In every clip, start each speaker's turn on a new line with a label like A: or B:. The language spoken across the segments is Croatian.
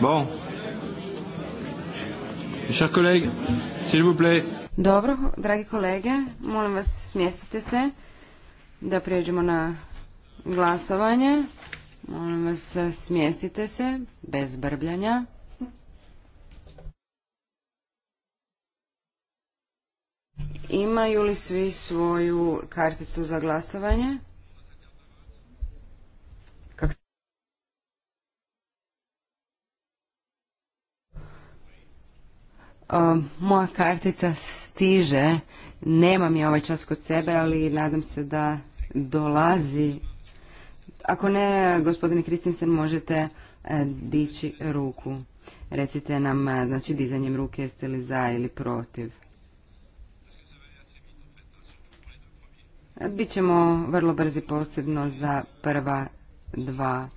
A: Bon. Chers collègues, s'il vous plaît. Dobro, dragi kolege, molim vas smjestite se da prijeđemo na glasovanje. Molim vas smjestite se bez brbljanja. Imaju li svi svoju karticu za glasovanje? moja kartica stiže, nemam je ovaj čas kod sebe, ali nadam se da dolazi. Ako ne, gospodine Kristinsen, možete e, dići ruku. Recite nam, e, znači dizanjem ruke jeste li za ili protiv. ćemo vrlo brzi posebno za prva dva.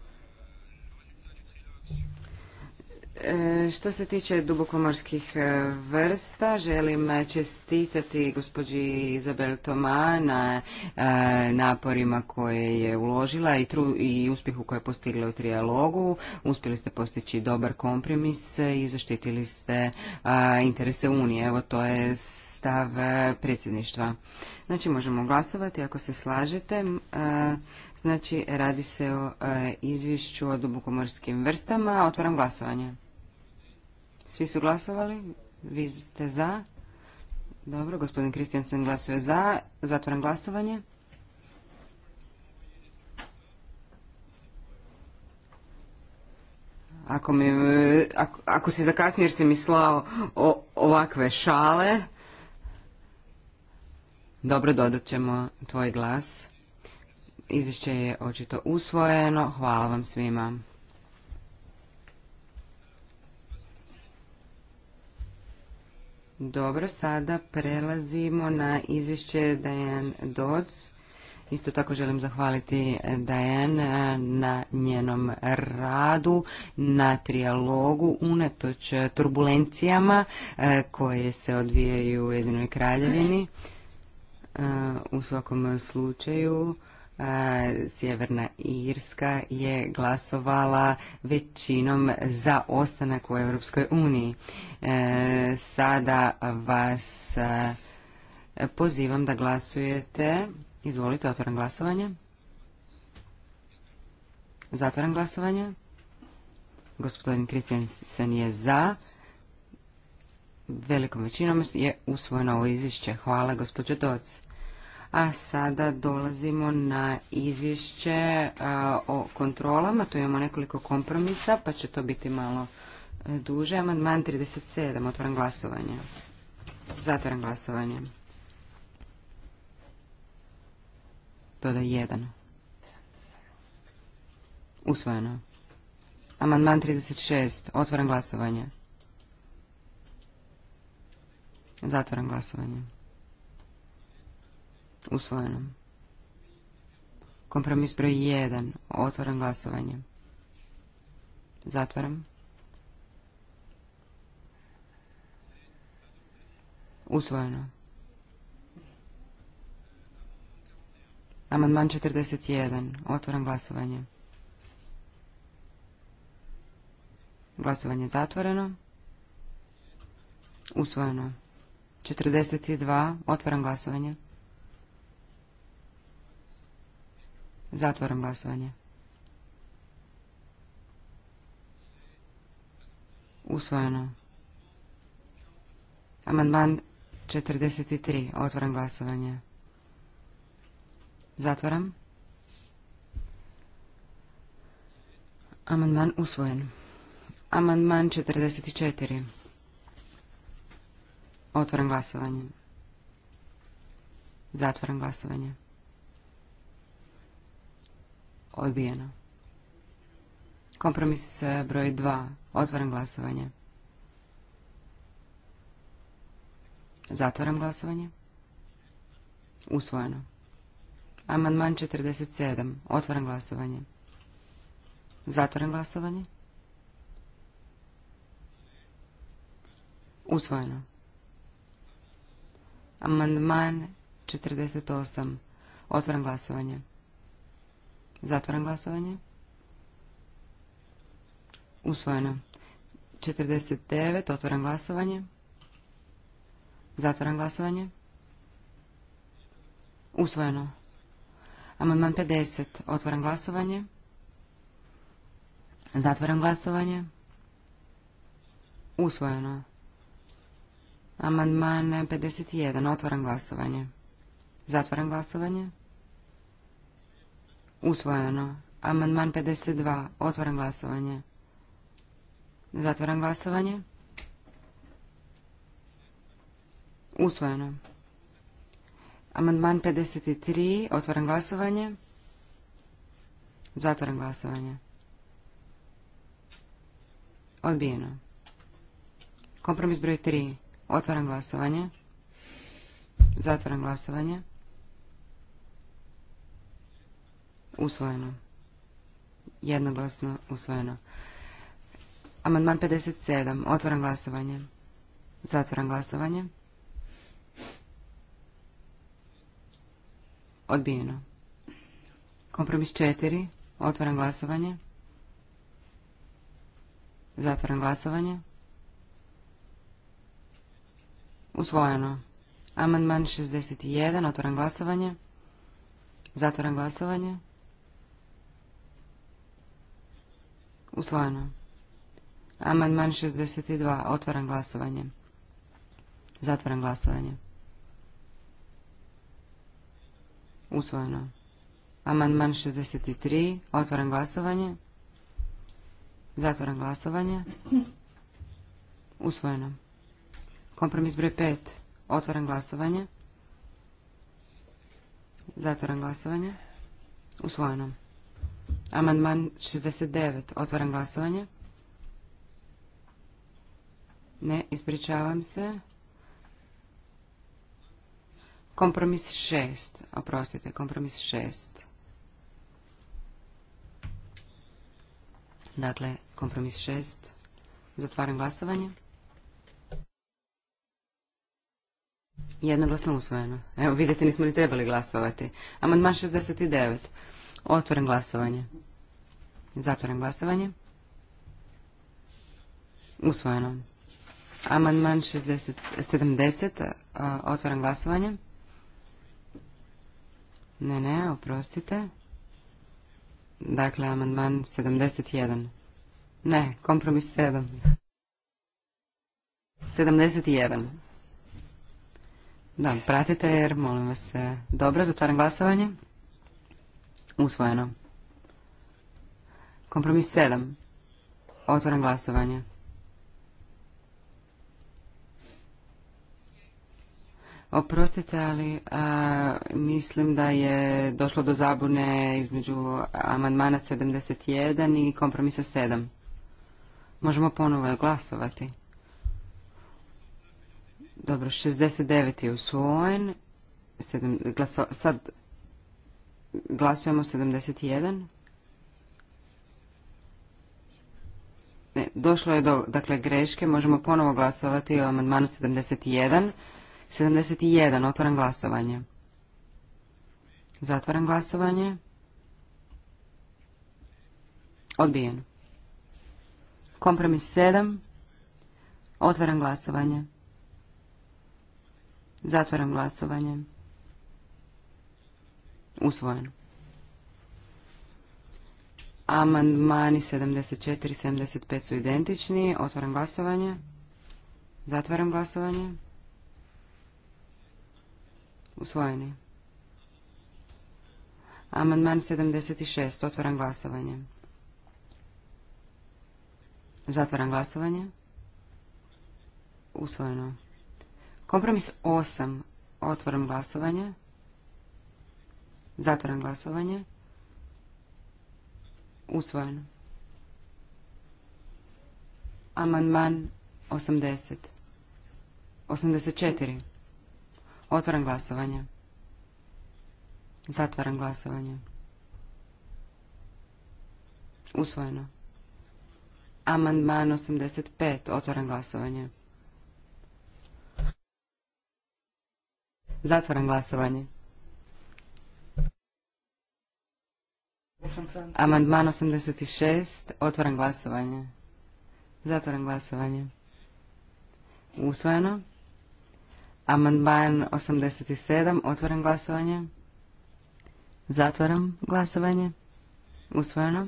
A: E, što se tiče dubokomorskih e, vrsta, želim čestitati gospođi Izabel Tomana na e, naporima koje je uložila i, i uspjehu koje je postigla u trijalogu. Uspjeli ste postići dobar kompromis i zaštitili ste interese Unije. Evo to je stav e, predsjedništva. Znači možemo glasovati ako se slažete. E, znači radi se o e, izvješću o dubokomorskim vrstama. Otvaram glasovanje. Svi su glasovali? Vi ste za? Dobro, gospodin Kristijansen glasuje za. Zatvaram glasovanje. Ako, mi, ako, ako zakasnio jer si mi slao o, ovakve šale, dobro, dodat ćemo tvoj glas. Izvješće je očito usvojeno. Hvala vam svima. Dobro, sada prelazimo na izvješće Diane Dodds. Isto tako želim zahvaliti Diane eh, na njenom radu, na trijalogu, unatoč turbulencijama eh, koje se odvijaju u Jedinoj kraljevini. E, u svakom slučaju e, Sjeverna Irska je glasovala većinom za ostanak u Europskoj uniji. E, sada vas pozivam da glasujete. Izvolite, otvoram glasovanje. Zatvoram glasovanje. Gospodin Kristijansen je za velikom većinom je usvojeno ovo izvješće. Hvala gospođo Doc. A sada dolazimo na izvješće o kontrolama. Tu imamo nekoliko kompromisa, pa će to biti malo e, duže. Amandman 37. Otvaram glasovanje. Zatvaram glasovanje. Dodaj jedan. Usvojeno. Amandman 36. Otvaram glasovanje. Zatvoram glasovanje. Usvojeno. Kompromis broj 1. Otvoram glasovanje. Zatvaram. Usvojeno. Amandman 41. otvoram glasovanje. Glasovanje zatvoreno. Usvojeno. 42. Otvaram glasovanje. Zatvaram glasovanje. Usvojeno. Amandman 43. Otvaram glasovanje. Zatvaram. Amandman usvojen. Amandman 44. Otvoren glasovanje. Zatvoren glasovanje. Odbijeno. Kompromis e, broj 2. Otvoren glasovanje. Zatvoren glasovanje. Usvojeno. Amandman 47. Otvoren glasovanje. Zatvoren glasovanje. Usvojeno. Amandman 48. Otvaram glasovanje. Zatvaram glasovanje. Usvojeno. 49. Otvaram glasovanje. Zatvaram glasovanje. Usvojeno. Amandman 50. Otvaram glasovanje. Zatvaram glasovanje. Usvojeno. Amandman 51. Otvaram glasovanje. Zatvaram glasovanje. Usvojeno. Amandman 52. Otvaram glasovanje. Zatvaram glasovanje. Usvojeno. Amandman 53. Otvaram glasovanje. Zatvaram glasovanje. Odbijeno. Kompromis broj tri Otvaram glasovanje. Zatvaram glasovanje. Usvojeno. Jednoglasno usvojeno. Amandman 57. Otvaram glasovanje. Zatvaram glasovanje. Odbijeno. Kompromis 4. Otvaram glasovanje. Zatvaram glasovanje. Usvojeno. Amandman 61. Otvoram glasovanje. Zatvoram glasovanje. Usvojeno. Amandman 62. Otvoram glasovanje. Zatvoram glasovanje. Usvojeno. Amandman 63. Otvoram glasovanje. Zatvoram glasovanje. Usvojeno. Kompromis broj 5. Otvoram glasovanje. Zatvoram glasovanje. Usvojeno. Amandman 69. Otvoren glasovanje. Ne, ispričavam se. Kompromis 6. Oprostite, kompromis 6. Dakle, kompromis 6. Zatvaram glasovanje. Jednoglasno usvojeno. Evo vidite, nismo ni trebali glasovati. Amandman 69. Otvoren glasovanje. Zatvoren glasovanje. Usvojeno. Amandman 70. Otvoren glasovanje. Ne, ne, oprostite. Dakle, amandman 71. Ne, kompromis 7. 71. Da, pratite jer molim vas. E, dobro, zatvaram glasovanje. Usvojeno. Kompromis 7. Otvaram glasovanje. Oprostite, ali e, mislim da je došlo do zabune između amandmana 71 i kompromisa 7. Možemo ponovo glasovati. Dobro, 69 je usvojen. sad glasujemo 71. Ne, došlo je do dakle, greške. Možemo ponovo glasovati o amandmanu 71. 71. Otvaram glasovanje. Zatvaram glasovanje. Odbijeno. Kompromis 7. Otvaram glasovanje. Zatvaram glasovanje. Usvojeno. Amandmani 74 i 75 su identični. Otvaram glasovanje. Zatvaram glasovanje. Usvojeni. Amandman 76. Otvaram glasovanje. Zatvaram glasovanje. Usvojeno. Kompromis 8. Otvoram glasovanje. Zatvoram glasovanje. Usvojeno. Amandman 80. 84. Otvoram glasovanje. Zatvoram glasovanje. Usvojeno. Amandman 85. Otvoram glasovanje. Zatvaram glasovanje. Amandman 86. Otvaram glasovanje. Zatvaram glasovanje. Usvojeno. Amandman 87. Otvaram glasovanje. Zatvaram glasovanje. Usvojeno.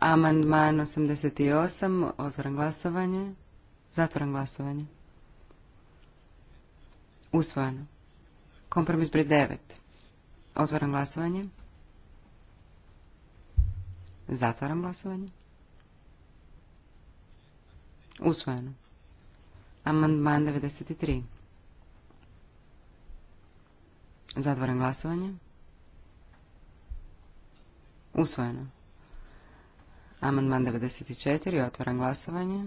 A: Amandman 88. Otvaram glasovanje. Zatvaram glasovanje. Usvojeno. Kompromis broj 9. Otvaram glasovanje. Zatvaram glasovanje. Usvojeno. Amandman 93. Zatvaram glasovanje. Usvojeno. Amandman 94. Otvaram glasovanje.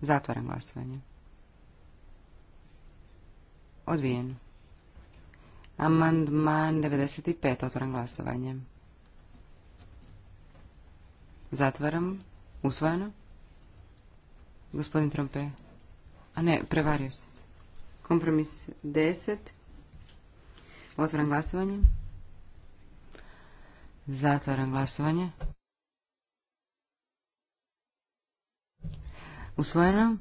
A: Zatvaram glasovanje. Odbijen. Amandman 95. Otvoram glasovanje. Zatvaram. Usvojeno. Gospodin Trompe. A ne, prevario se. Kompromis 10. Otvoram glasovanje. Zatvaram glasovanje. Usvojeno.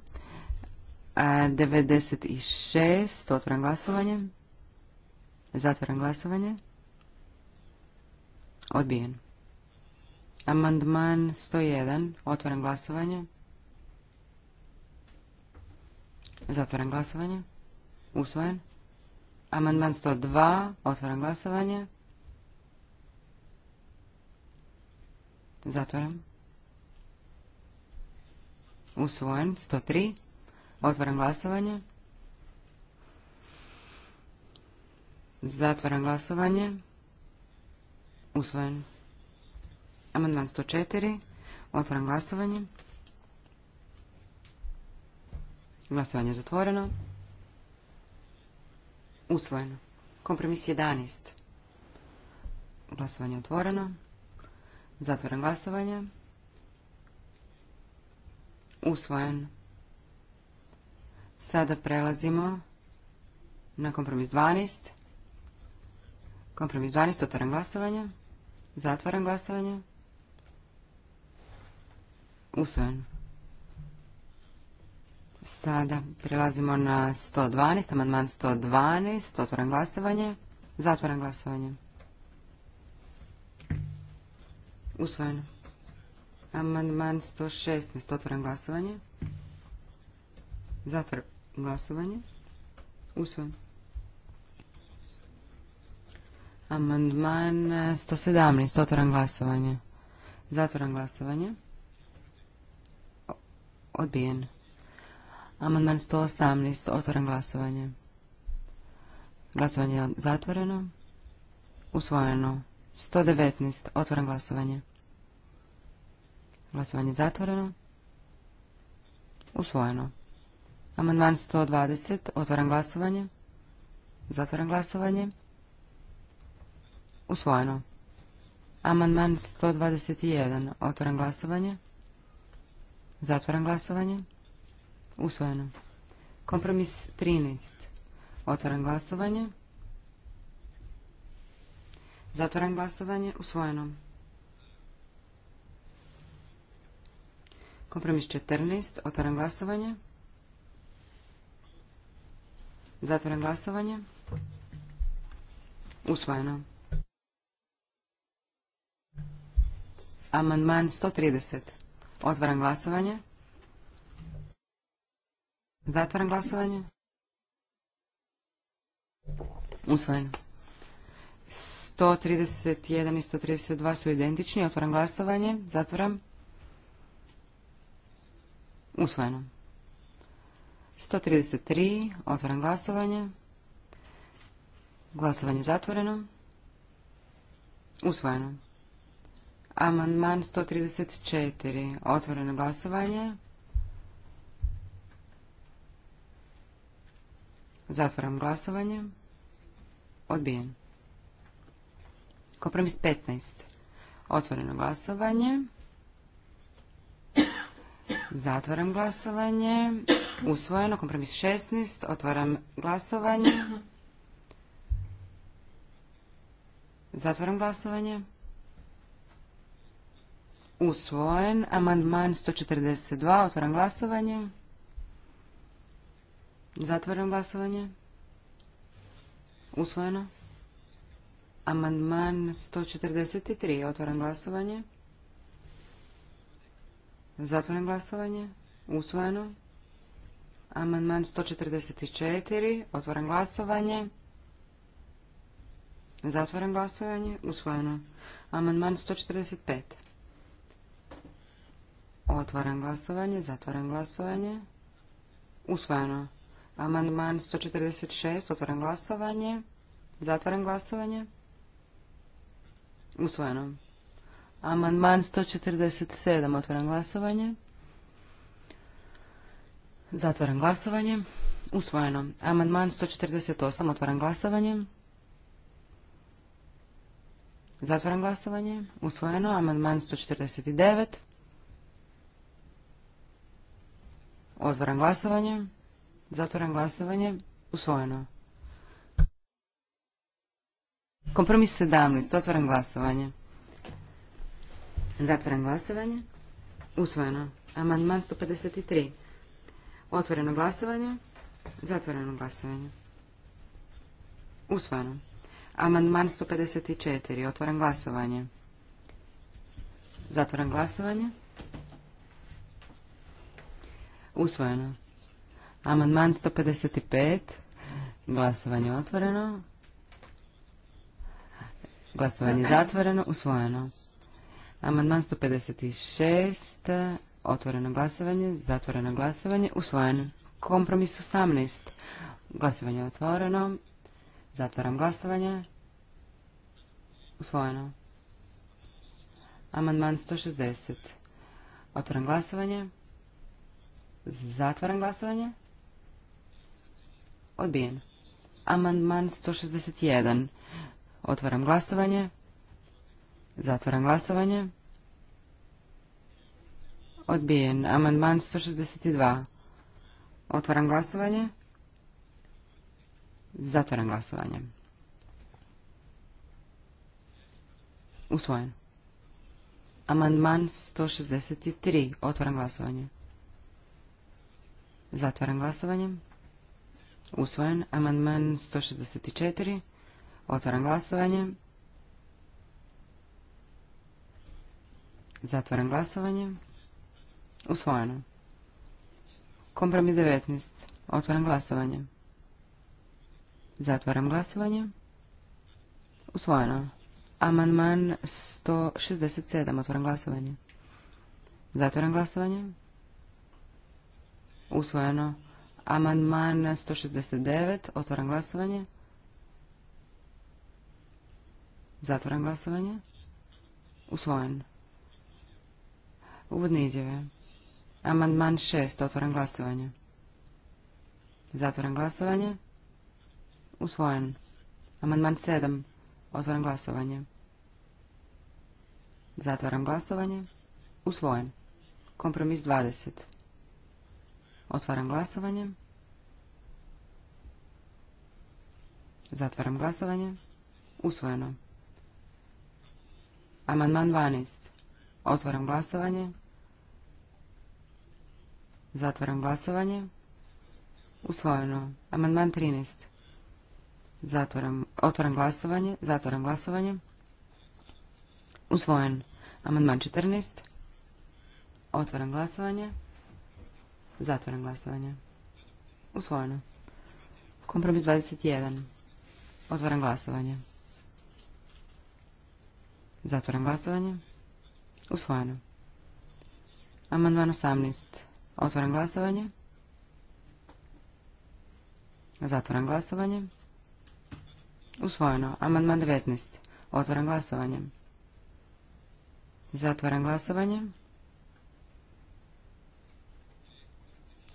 A: 96. Otvoram glasovanje. Zatvoram glasovanje. Odbijen. Amandman 101. Otvoram glasovanje. Zatvoram glasovanje. Usvojen. Amandman 102. Otvoram glasovanje. Zatvoram. Usvojen. 103. Otvaram glasovanje. Zatvaram glasovanje. Usvojen. Amandman 104. Otvaram glasovanje. Glasovanje zatvoreno. Usvojeno. Kompromis 11. Glasovanje otvoreno. Zatvoren glasovanje. Usvojeno. Sada prelazimo na kompromis 12. Kompromis 12, otvaram glasovanje. Zatvaram glasovanje. Usvojen. Sada prelazimo na 112, amandman 112, otvaram glasovanje. Zatvaram glasovanje. Usvojeno. Amandman 116, otvoram glasovanje. Zatvor glasovanje. Usvojen. Amandman 117. Eh, Otvoran glasovanje. Zatvoran glasovanje. Odbijen. Amandman 118. Otvoran glasovanje. Glasovanje je zatvoreno. Usvojeno. 119. Otvoran glasovanje. Glasovanje zatvoreno. Usvojeno. Amandman 120. Otvaram glasovanje. Zatvaram glasovanje. Usvojeno. Amandman 121. Otvaram glasovanje. Zatvaram glasovanje. Usvojeno. Kompromis 13. Otvaram glasovanje. Zatvaram glasovanje. Usvojeno. Kompromis 14. Otvaram glasovanje. Zatvoren glasovanje. Usvojeno. Amandman 130. Otvaram glasovanje. Zatvaram glasovanje. Usvojeno. 131 i 132 su identični. Otvaram glasovanje. Zatvaram. Usvojeno. 133. Otvoren glasovanje. Glasovanje zatvoreno. Usvojeno. Amandman 134. Otvoreno glasovanje. Zatvaram glasovanje. Odbijen. Kompromis 15. Otvoreno glasovanje. Zatvoram glasovanje. Usvojeno. Kompromis 16. Otvaram glasovanje. Zatvaram glasovanje. Usvojen. Amandman 142. Otvaram glasovanje. Zatvaram glasovanje. Usvojeno. Amandman 143. Otvaram glasovanje. Zatvaram glasovanje. Usvojeno. Amandman 144. Otvoren glasovanje. Zatvoren glasovanje. Usvojeno. Amandman 145. Otvoren glasovanje. Zatvoren glasovanje. Usvojeno. Amandman 146. Otvoren glasovanje. Zatvoren glasovanje. Usvojeno. Amandman 147. Otvoren glasovanje. Zatvaram glasovanje. Usvojeno. Amandman 148. Otvaram glasovanje. Zatvaram glasovanje. Usvojeno. Amandman 149. Otvaram glasovanje. Zatvaram glasovanje. Usvojeno. Kompromis 17. Otvaram glasovanje. Zatvaram glasovanje. Usvojeno. Amandman 153. Otvoreno glasovanje. Zatvoreno glasovanje. Usvojeno. Amandman 154. Otvoren glasovanje. Zatvoren glasovanje. Usvojeno. Amandman 155. Glasovanje otvoreno. Glasovanje zatvoreno. Usvojeno. Amandman 156. Otvoreno glasovanje, zatvoreno glasovanje, usvojen. Kompromis 18. Glasovanje otvoreno. Zatvaram glasovanje. Usvojeno. Amandman 160. Otvaram glasovanje. Zatvaram glasovanje. Odbijen. Amandman 161. Otvaram glasovanje. Zatvaram glasovanje. Odbijen. Amandman 162. Otvaram glasovanje. Zatvaram glasovanje. Usvojen. Amandman 163. Otvaram glasovanje. Zatvaram glasovanje. Usvojen. Amandman 164. Otvaram glasovanje. Zatvaram glasovanje. Usvojeno. Kompromis 19. Otvaram glasovanje. Zatvaram glasovanje. Usvojeno. Amandman 167. Otvaram glasovanje. Zatvaram glasovanje. Usvojeno. Amandman 169. Otvaram glasovanje. Zatvaram glasovanje. Usvojen. Uvodne izjave. Amandman 6. Otvoren glasovanje. Zatvoren glasovanje. Usvojen. Amandman 7. Otvoren glasovanje. Zatvaram glasovanje. Usvojen. Kompromis 20. Otvaram glasovanje. Zatvaram glasovanje. Usvojeno. Amandman 12. Otvaram glasovanje. Zatvaram glasovanje. Usvojeno. Amandman 13. Zatvaram, otvaram glasovanje. Zatvaram glasovanje. Usvojen. Amandman 14. Otvaram glasovanje. Zatvaram glasovanje. Usvojeno. Kompromis 21. Otvaram glasovanje. Zatvaram glasovanje. Usvojeno. Amandman 18. Otvaram glasovanje. Zatvaram glasovanje. Usvojeno. Amandman 19. Otvaram glasovanje. Zatvaram glasovanje.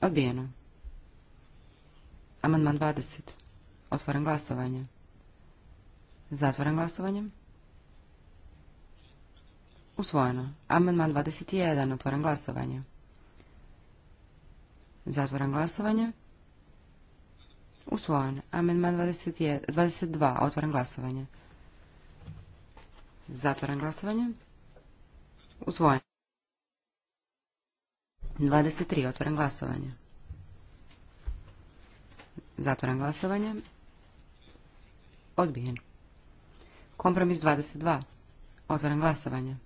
A: Odbijeno. Amandman 20. Otvaram glasovanje. Zatvaram glasovanje. Usvojeno. Amandman 21. Otvaram glasovanje. Zatvoram glasovanje. Usvojen. Amendman 22. Otvoram glasovanje. Zatvoram glasovanje. Usvojen. 23. Otvoram glasovanje. Zatvoram glasovanje. Odbijen. Kompromis 22. Otvoram glasovanje.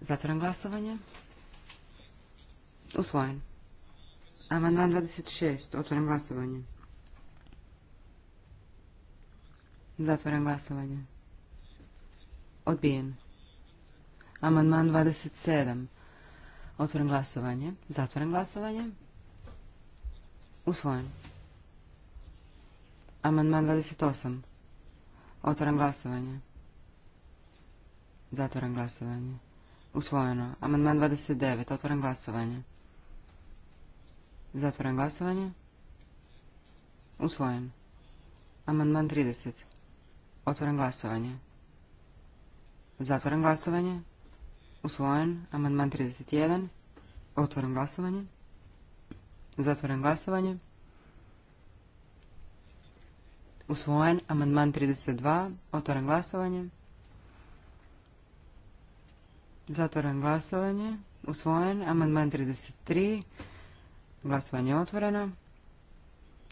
A: Zatvoram glasovanje. Usvojen. Amandman 26. otvorim glasovanje. Zatvoren glasovanje. Odbijen. Amandman 27. Otvoren glasovanje. Zatvoren glasovanje. Usvojen. Amandman 28. Otvoren glasovanje. Zatvoren glasovanje. Usvojeno. Amandman 29. Otvoren glasovanje. Zatvaram glasovanje. Usvojen. Amandman 30. Otvoren glasovanje. Zatvoren glasovanje. Usvojen. Amandman 31. Otvoren glasovanje. Zatvoren glasovanje. Usvojen. Amandman 32. Otvoren glasovanje. Zatvoren glasovanje. Usvojen. Amandman 33. Glasovanje otvoreno.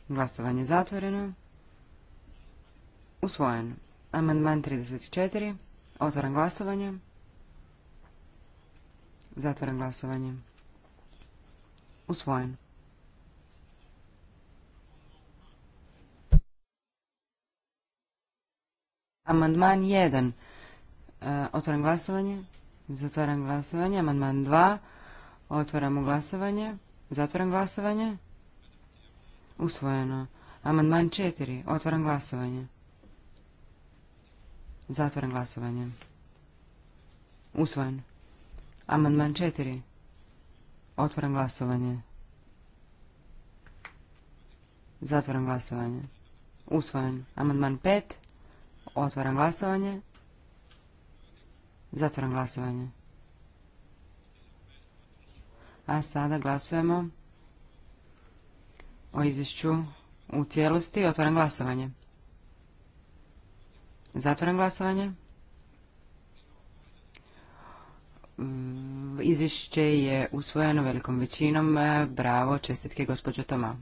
A: Glasovanje zatvoreno. Usvojen. Amandman 34. Otvaram glasovanje. Zatvaram glasovanje. Usvojen. Amandman 1. E, otvaram glasovanje. Zatvaram glasovanje. Amandman 2. Otvoramo glasovanje. Zatvoram glasovanje. Usvojeno. Amandman četiri. Otvoram glasovanje. Zatvoram glasovanje. Usvojen. Amandman četiri. Otvoram glasovanje. Zatvoram glasovanje. Usvojen. Amandman 5. Otvoram glasovanje. Zatvoram glasovanje. A sada glasujemo o izvješću u cijelosti. Otvaram glasovanje. Zatvaram glasovanje. Izvješće je usvojeno velikom većinom. E, bravo, čestitke gospođo Toma.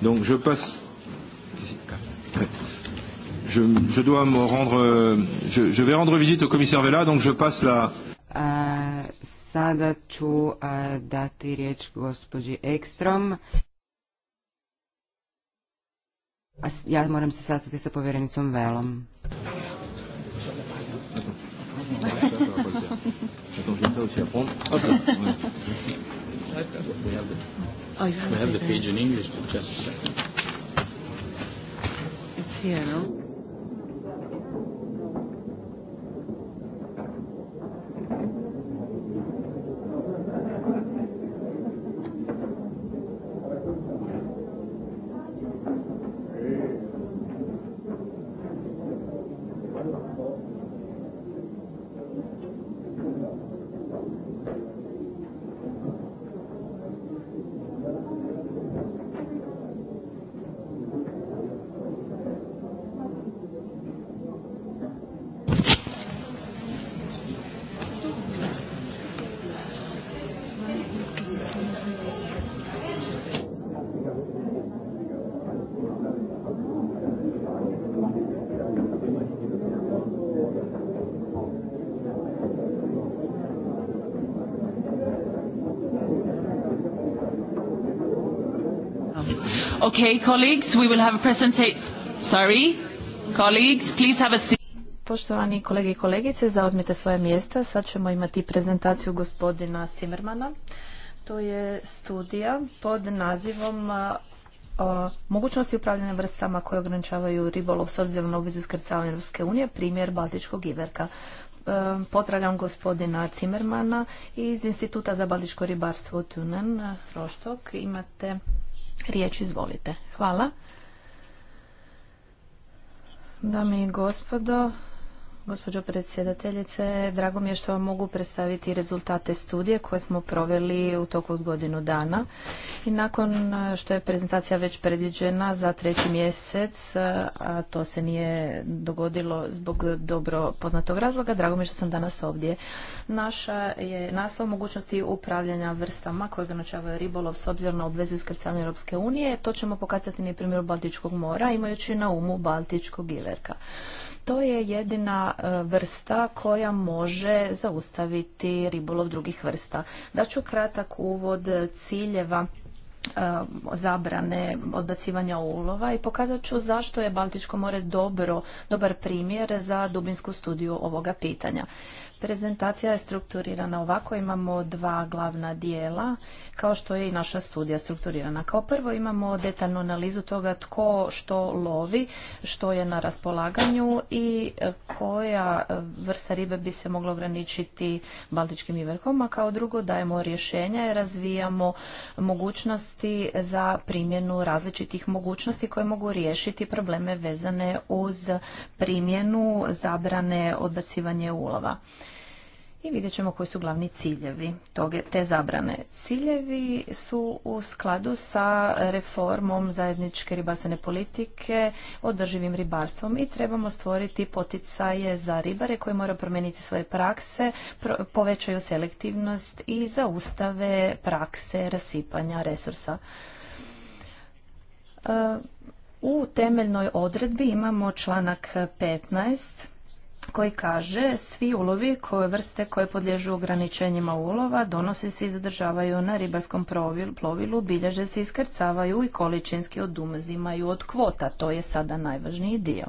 B: Donc je passe je, je dois me rendre, je, je vais rendre visite au commissaire Vela, donc je passe la...
A: sada ću dati riječ gospođi Ekstrom. ja moram se sastati sa povjerenicom Velom.
C: Oh, you have, have the page in English, just a second. It's here, no?
B: Okay, colleagues, we will have a Sorry, colleagues, please have a Poštovani kolege i kolegice, zauzmite svoje mjesta. Sad ćemo imati prezentaciju gospodina Simermana. To je studija pod nazivom mogućnosti upravljanja vrstama koje ograničavaju ribolov s obzirom na obvezu skrcavanja Ruske unije, primjer Baltičkog iverka. E, pozdravljam gospodina Cimermana iz Instituta za baltičko ribarstvo Tunen, Roštok. Imate Riječ izvolite. Hvala. Dame i gospodo, Gospođo predsjedateljice, drago mi je što vam mogu predstaviti rezultate studije koje smo proveli u toku od godinu dana. I nakon što je prezentacija već predviđena za treći mjesec, a to se nije dogodilo zbog dobro poznatog razloga, drago mi je što sam danas ovdje. Naša je naslov mogućnosti upravljanja vrstama koje ograničavaju ribolov s obzirom na obvezu iskrcavanja Europske unije. To ćemo pokazati na primjeru Baltičkog mora, imajući na umu Baltičkog iverka. To je jedina e, vrsta koja može zaustaviti ribolov drugih vrsta. Daću kratak uvod ciljeva e, zabrane odbacivanja ulova i pokazat ću zašto je Baltičko more dobro, dobar primjer za dubinsku studiju ovoga pitanja. Prezentacija je strukturirana ovako, imamo dva glavna dijela, kao što je i naša studija strukturirana. Kao prvo imamo detaljnu analizu toga tko što lovi, što je na raspolaganju i koja vrsta ribe bi se mogla ograničiti baltičkim iverkom, a kao drugo dajemo rješenja i razvijamo mogućnosti za primjenu različitih mogućnosti koje mogu riješiti probleme vezane uz primjenu zabrane odbacivanje ulova i vidjet ćemo koji su glavni ciljevi toge, te zabrane. Ciljevi su u skladu sa reformom zajedničke ribarstvene politike, održivim ribarstvom i trebamo stvoriti poticaje za ribare koji moraju promijeniti svoje prakse, povećaju selektivnost i zaustave prakse rasipanja resursa. E, u temeljnoj odredbi imamo članak 15 koji kaže svi ulovi koje vrste koje podliježu ograničenjima ulova donose se i zadržavaju na ribarskom plovilu, bilježe se iskrcavaju i količinski odumazimaju od kvota. To je sada najvažniji dio.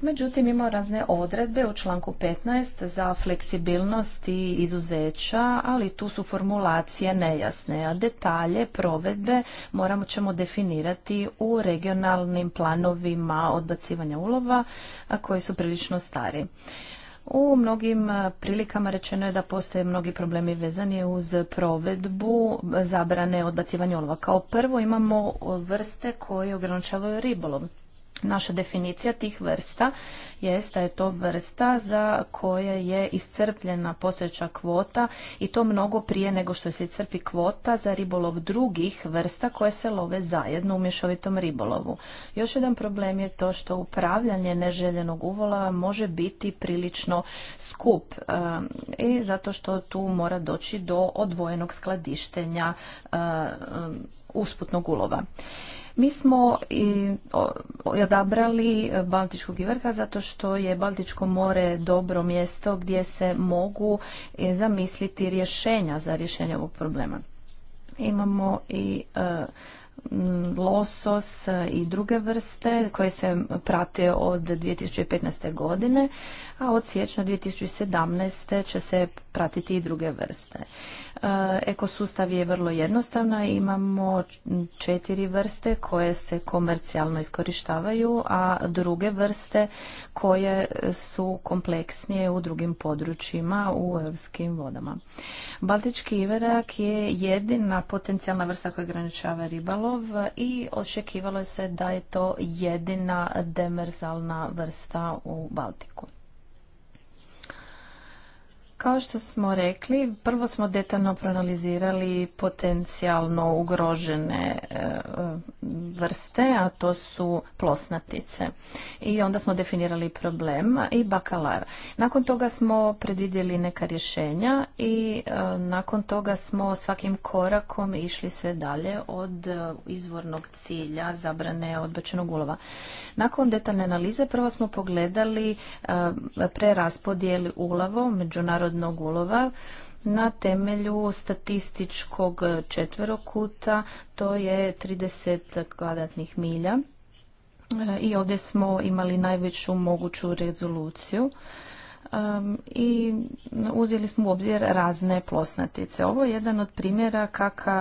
B: Međutim, ima razne odredbe u članku 15 za fleksibilnost i izuzeća, ali tu su formulacije nejasne, a detalje provedbe moramo ćemo definirati u regionalnim planovima odbacivanja ulova, koji su prilično stari. U mnogim prilikama rečeno je da postoje mnogi problemi vezani uz provedbu zabrane odbacivanja ulova. Kao prvo imamo vrste koje ograničavaju ribolov. Naša definicija tih vrsta je da je to vrsta za koje je iscrpljena postojeća kvota i to mnogo prije nego što se iscrpi kvota za ribolov drugih vrsta koje se love zajedno u mješovitom ribolovu. Još jedan problem je to što upravljanje neželjenog uvola može biti prilično skup i zato što tu mora doći do odvojenog skladištenja usputnog ulova. Mi smo i odabrali Baltičkog vrha zato što je Baltičko more dobro mjesto gdje se mogu e, zamisliti rješenja za rješenje ovog problema. Imamo i e, Mm, losos i druge vrste koje se prate od 2015. godine, a od siječnja 2017. će se pratiti i druge vrste. Eh, ekosustav je vrlo jednostavna, imamo četiri vrste koje se komercijalno iskorištavaju, a druge vrste koje su kompleksnije u drugim područjima u europskim vodama. Baltički iverak je jedina potencijalna vrsta koja ograničava ribalo i očekivalo se da je to jedina demerzalna vrsta u Baltiku. Kao što smo rekli, prvo smo detaljno proanalizirali potencijalno ugrožene e, vrste, a to su plosnatice. I onda smo definirali problem i bakalar. Nakon toga smo predvidjeli neka rješenja i e, nakon toga smo svakim korakom išli sve dalje od e, izvornog cilja zabrane odbačenog ulova. Nakon detaljne analize prvo smo pogledali preraspodijeli ulovo, međunarodnog prirodnog ulova na temelju statističkog četverokuta, to je 30 kvadratnih milja. E, I ovdje smo imali najveću moguću rezoluciju i uzeli smo u obzir razne plosnatice. Ovo je jedan od primjera kaka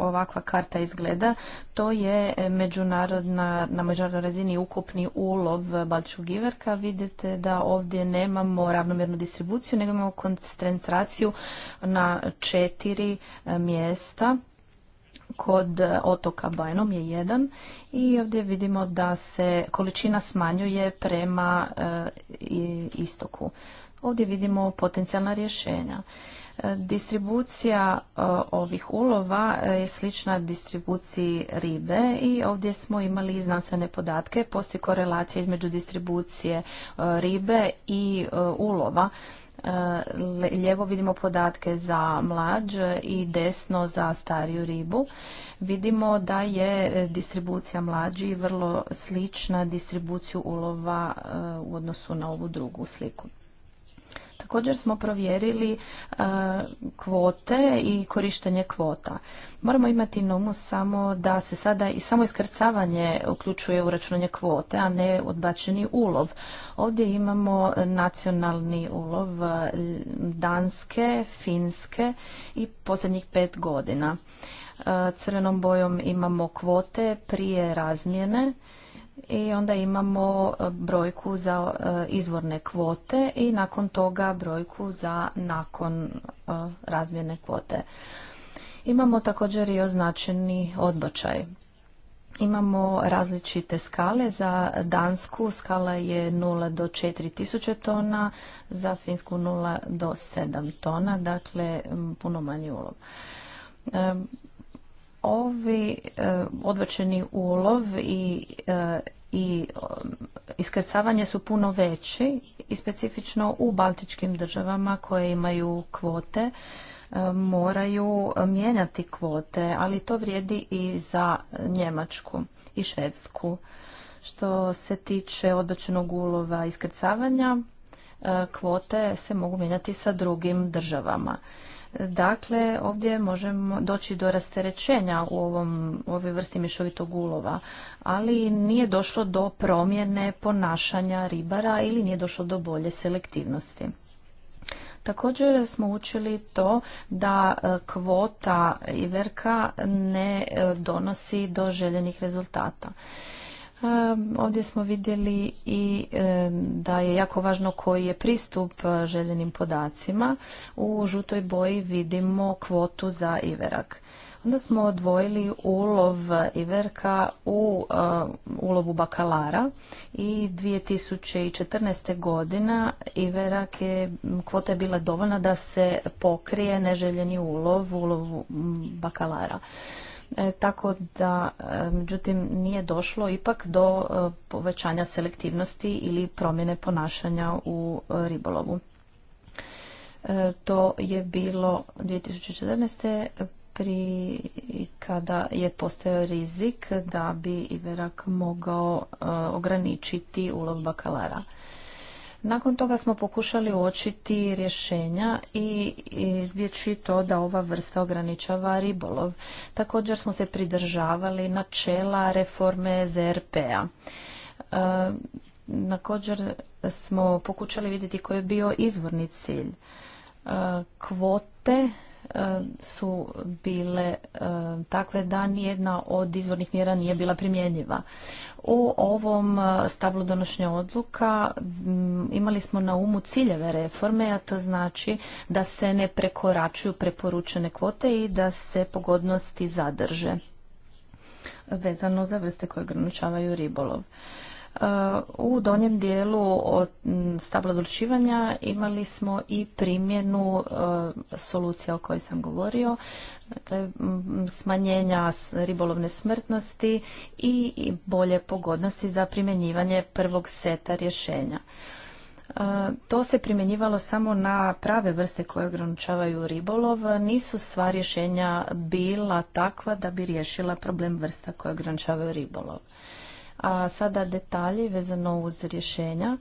B: ovakva karta izgleda. To je međunarodna, na međunarodnoj razini ukupni ulov baltičkog giverka. Vidite da ovdje nemamo ravnomjernu distribuciju, nego imamo koncentraciju na četiri e, mjesta kod e, otoka Bajnom je jedan i ovdje vidimo da se količina smanjuje prema e, istoku. Ovdje vidimo potencijalna rješenja. E, distribucija ovih ulova je slična distribuciji ribe i ovdje smo imali znanstvene podatke. Postoji korelacija između distribucije ribe i ulova E, lijevo vidimo podatke za mlađ i desno za stariju ribu. Vidimo da je e, distribucija mlađi vrlo slična distribuciju ulova e, u odnosu na ovu drugu sliku. Također smo provjerili e, kvote i korištenje kvota. Moramo imati na umu samo da se sada i samo iskrcavanje uključuje u računanje kvote, a ne odbačeni ulov. Ovdje imamo nacionalni ulov e, Danske, Finske i posljednjih pet godina. E, crvenom bojom imamo kvote prije razmjene i onda imamo e, brojku za e, izvorne kvote i nakon toga brojku za nakon e, razmjene kvote. Imamo također i označeni odbačaj. Imamo različite skale. Za Dansku skala je 0 do 4000 tona, za Finsku 0 do 7 tona, dakle puno manji ulov ovi e, odbačeni ulov i, e, i e, iskrcavanje su puno veći i specifično u baltičkim državama koje imaju kvote moraju mijenjati kvote, ali to vrijedi i za Njemačku i Švedsku. Što se tiče odbačenog ulova iskrcavanja, kvote se mogu mijenjati sa drugim državama. Dakle, ovdje možemo doći do rasterećenja u ovom, ovoj vrsti mješovitog ulova, ali nije došlo do promjene ponašanja ribara ili nije došlo do bolje selektivnosti. Također smo učili to da e, kvota i verka ne e, donosi do željenih rezultata. Ovdje smo vidjeli i e, da je jako važno koji je pristup e, željenim podacima. U žutoj boji vidimo kvotu za iverak. Onda smo odvojili ulov iverka u e, ulovu bakalara i 2014. godina iverak je, kvota je bila dovoljna da se pokrije neželjeni ulov u ulovu bakalara. E, tako da e, međutim nije došlo ipak do e, povećanja selektivnosti ili promjene ponašanja u ribolovu. To je bilo 2014. Pri, kada je postojao rizik da bi Iverak mogao ograničiti ulov bakalara. Nakon toga smo pokušali uočiti rješenja i izbjeći to da ova vrsta ograničava ribolov. Također smo se pridržavali načela reforme ZRP-a. E, također smo pokušali vidjeti koji je bio izvorni cilj. E, kvote E, su bile e, takve da nijedna od izvornih mjera nije bila primjenjiva. U ovom e, stablu donošenja odluka imali smo na umu ciljeve reforme, a to znači da se ne prekoračuju preporučene kvote i da se pogodnosti zadrže vezano za vrste koje ograničavaju ribolov. U donjem dijelu od stabla odlučivanja imali smo i primjenu e, solucija o kojoj sam govorio, dakle smanjenja ribolovne smrtnosti i bolje pogodnosti za primjenjivanje prvog seta rješenja. E, to se primjenjivalo samo na prave vrste koje ograničavaju ribolov. Nisu sva rješenja bila takva da bi riješila problem vrsta koje ograničavaju ribolov. A sada detalji vezano uz rješenja.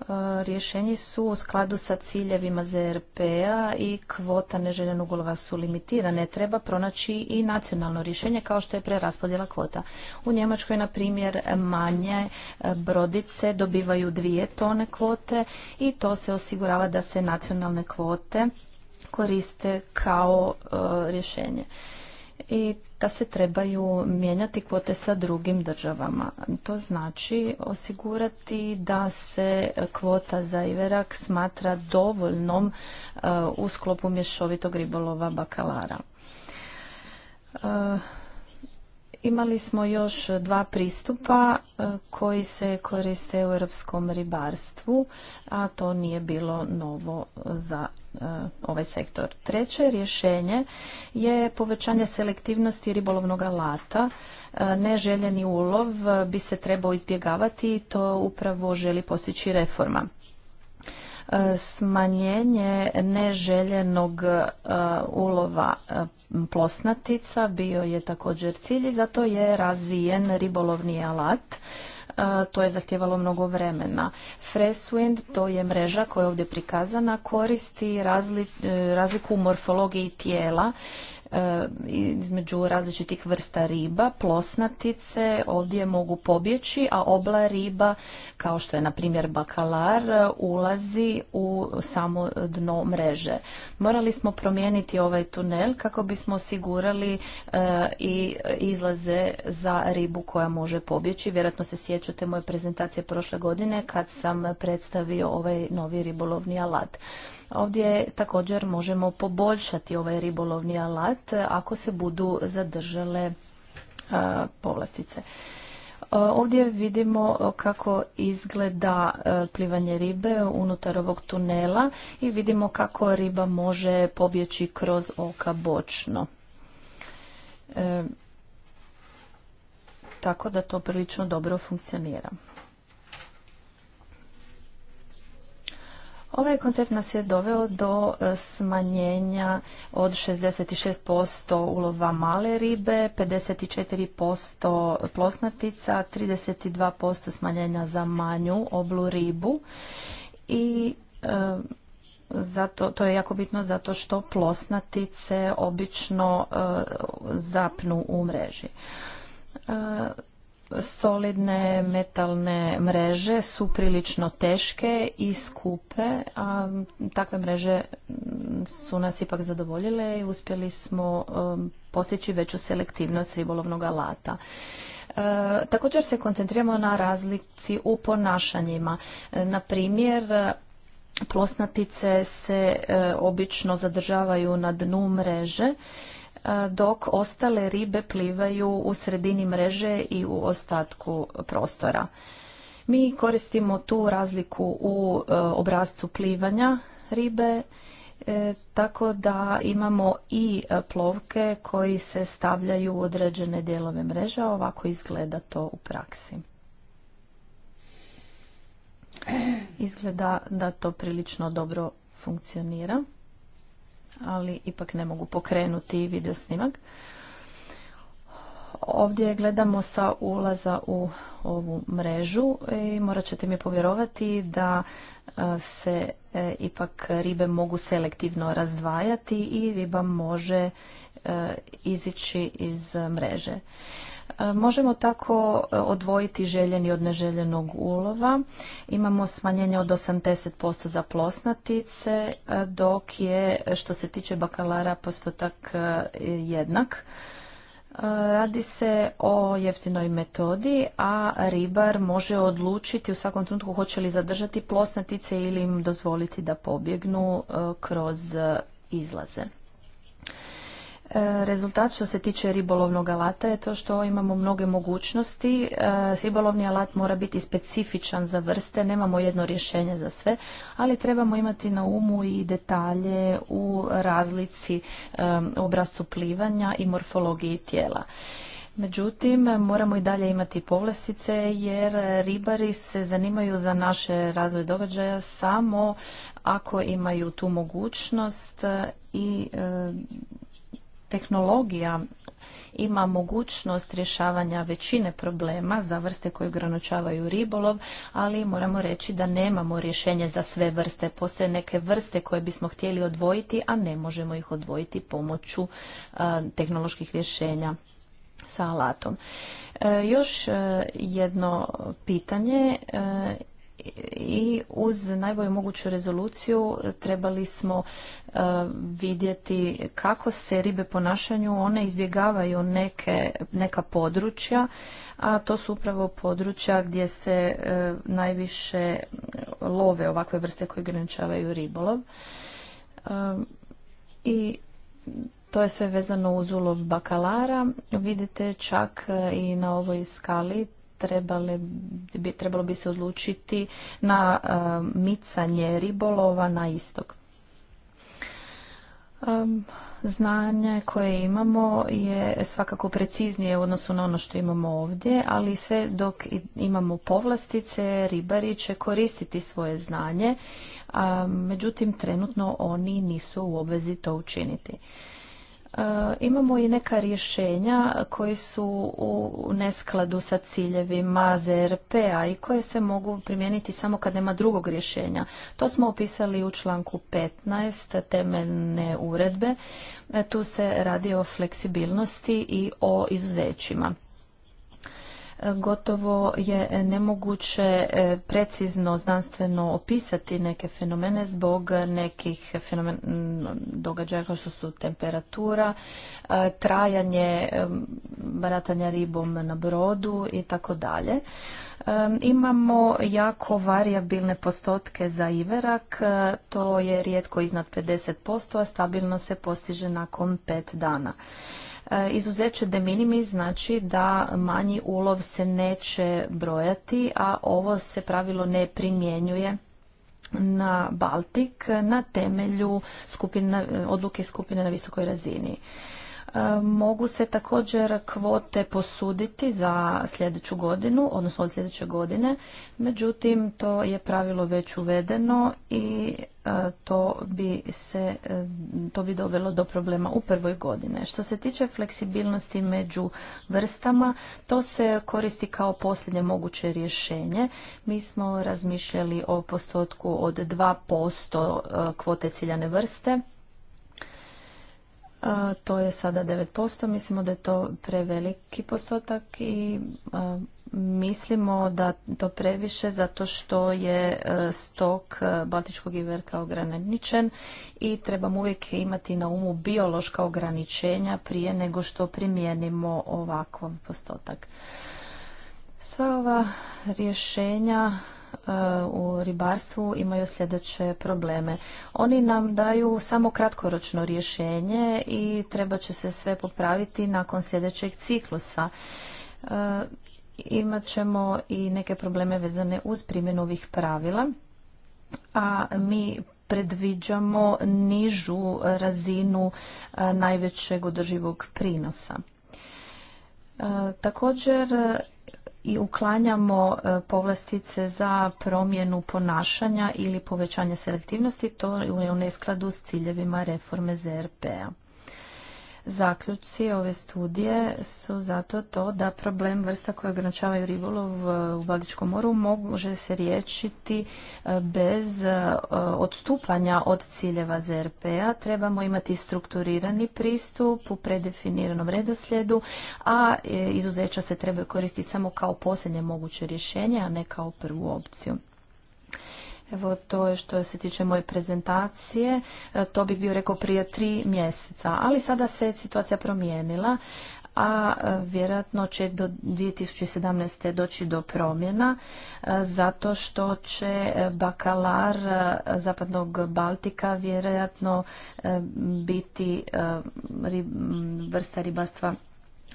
B: E, rješenji su u skladu sa ciljevima ZRP-a i kvota neželjenog ulova su limitirane. Treba pronaći i nacionalno rješenje kao što je preraspodjela kvota. U Njemačkoj, na primjer, manje e, brodice dobivaju dvije tone kvote i to se osigurava da se nacionalne kvote koriste kao e, rješenje i da se trebaju mijenjati kvote sa drugim državama. To znači osigurati da se kvota za iverak smatra dovoljnom e, u sklopu mješovitog ribolova bakalara. E, imali smo još dva pristupa e, koji se koriste u europskom ribarstvu, a to nije bilo novo za E, ovaj sektor. Treće rješenje je povećanje selektivnosti ribolovnog alata. E, neželjeni ulov bi se trebao izbjegavati i to upravo želi postići reforma e, smanjenje neželjenog ulova plosnatica bio je također cilj i zato je razvijen ribolovni alat to je zahtjevalo mnogo vremena. Freswind, to je mreža koja je ovdje prikazana, koristi e, razliku u morfologiji tijela E, između različitih vrsta riba. Plosnatice ovdje mogu pobjeći, a obla riba, kao što je na primjer bakalar, ulazi u samo dno mreže. Morali smo promijeniti ovaj tunel kako bismo osigurali e, i izlaze za ribu koja može pobjeći. Vjerojatno se sjećate moje prezentacije prošle godine kad sam predstavio ovaj novi ribolovni alat. Ovdje također možemo poboljšati ovaj ribolovni alat ako se budu zadržale e, povlastice. E, ovdje vidimo kako izgleda e, plivanje ribe unutar ovog tunela i vidimo kako riba može pobjeći kroz oka bočno. tako da to prilično dobro funkcionira. Ovaj koncept nas je doveo do e, smanjenja od 66% ulova male ribe, 54% plosnatica, 32% smanjenja za manju oblu ribu i e, zato, to je jako bitno zato što plosnatice obično e, zapnu u mreži solidne metalne mreže su prilično teške i skupe, a takve mreže su nas ipak zadovoljile i uspjeli smo um, postići veću selektivnost ribolovnog alata. E, također se koncentriramo na razlici u ponašanjima. E, na primjer, plosnatice se e, obično zadržavaju na dnu mreže dok ostale ribe plivaju u sredini mreže i u ostatku prostora. Mi koristimo tu razliku u e, obrazcu plivanja ribe e, tako da imamo i e, plovke koji se stavljaju u određene dijelove mreže, ovako izgleda to u praksi. Izgleda da to prilično dobro funkcionira ali ipak ne mogu pokrenuti video snimak. Ovdje gledamo sa ulaza u ovu mrežu i morat ćete mi povjerovati da e, se e, ipak ribe mogu selektivno razdvajati i riba može e, izići iz mreže. E, možemo tako e, odvojiti željeni od neželjenog ulova. Imamo smanjenje od 80% za plosnatice, e, dok je što se tiče bakalara postotak jednak. Radi se o jeftinoj metodi, a ribar može odlučiti u svakom trenutku hoće li zadržati plosnatice ili im dozvoliti da pobjegnu kroz izlaze. E, rezultat što se tiče ribolovnog alata je to što imamo mnoge mogućnosti. E, ribolovni alat mora biti specifičan za vrste, nemamo jedno rješenje za sve, ali trebamo imati na umu i detalje u razlici e, u plivanja i morfologiji tijela. Međutim, moramo i dalje imati povlastice jer ribari se zanimaju za naše razvoj događaja samo ako imaju tu mogućnost i tehnologija ima mogućnost rješavanja većine problema za vrste koje ograničavaju ribolov, ali moramo reći da nemamo rješenje za sve vrste. Postoje neke vrste koje bismo htjeli odvojiti, a ne možemo ih odvojiti pomoću e, tehnoloških rješenja sa alatom. E, još e, jedno pitanje i uz najbolju moguću rezoluciju eh, trebali smo eh, vidjeti kako se ribe ponašanju, one izbjegavaju neke, neka područja, a to su upravo područja gdje se eh, najviše mm, love ovakve vrste koje ograničavaju ribolov. I to je sve vezano uz ulov bakalara. Vidite čak i na ovoj skali trebalo bi se odlučiti na eh, micanje ribolova na istok. Znanje koje imamo je svakako preciznije u odnosu na ono što imamo ovdje, ali sve dok imamo povlastice, ribari će koristiti svoje znanje, međutim trenutno oni nisu u obvezi to učiniti. E, imamo i neka rješenja koji su u neskladu sa ciljevima ZRP-a i koje se mogu primijeniti samo kad nema drugog rješenja. To smo opisali u članku 15 temeljne uredbe. E, tu se radi o fleksibilnosti i o izuzećima gotovo je nemoguće e, precizno znanstveno opisati neke fenomene zbog nekih događaja kao što su temperatura, e, trajanje e, baratanja ribom na brodu i tako dalje. Imamo jako varijabilne postotke za iverak, to je rijetko iznad 50%, a stabilno se postiže nakon pet dana. Eh, izuzeće de minimis znači da manji ulov se neće brojati, a ovo se pravilo ne primjenjuje na Baltik na temelju eh, odluke skupine na visokoj razini. Eh, mogu se također kvote posuditi za sljedeću godinu, odnosno od sljedeće godine, međutim to je pravilo već uvedeno i E, to bi se e, to bi dovelo do problema u prvoj godine. Što se tiče fleksibilnosti među vrstama, to se koristi kao posljednje moguće rješenje. Mi smo razmišljali o postotku od 2% e, kvote ciljane vrste to je sada 9%. Mislimo da je to preveliki postotak i mislimo da to previše zato što je e, stok e, Baltičkog iverka ograničen i trebamo uvijek imati na umu biološka ograničenja prije nego što primijenimo ovakav postotak. Sva ova rješenja E, u ribarstvu imaju sljedeće probleme. Oni nam daju samo kratkoročno rješenje i treba će se sve popraviti nakon sljedećeg ciklusa. E, imat ćemo i neke probleme vezane uz primjenu ovih pravila, a mi predviđamo nižu razinu e, najvećeg održivog prinosa. Također i uklanjamo e, povlastice za promjenu ponašanja ili povećanje selektivnosti, to je u neskladu s ciljevima reforme ZRP-a. Zaključci ove studije su zato to da problem vrsta koje ograničavaju ribolov e, u Baltičkom moru može se riješiti e, bez e, odstupanja od ciljeva ZRP-a. Trebamo imati strukturirani pristup u predefiniranom redoslijedu, a izuzeća se trebaju koristiti samo kao posljednje moguće rješenje, a ne kao prvu opciju. Evo to je što se tiče moje prezentacije. E, to bih bio rekao prije tri mjeseca, ali sada se situacija promijenila a e, vjerojatno će do 2017. doći do promjena e, zato što će bakalar zapadnog Baltika vjerojatno biti vrsta ribarstva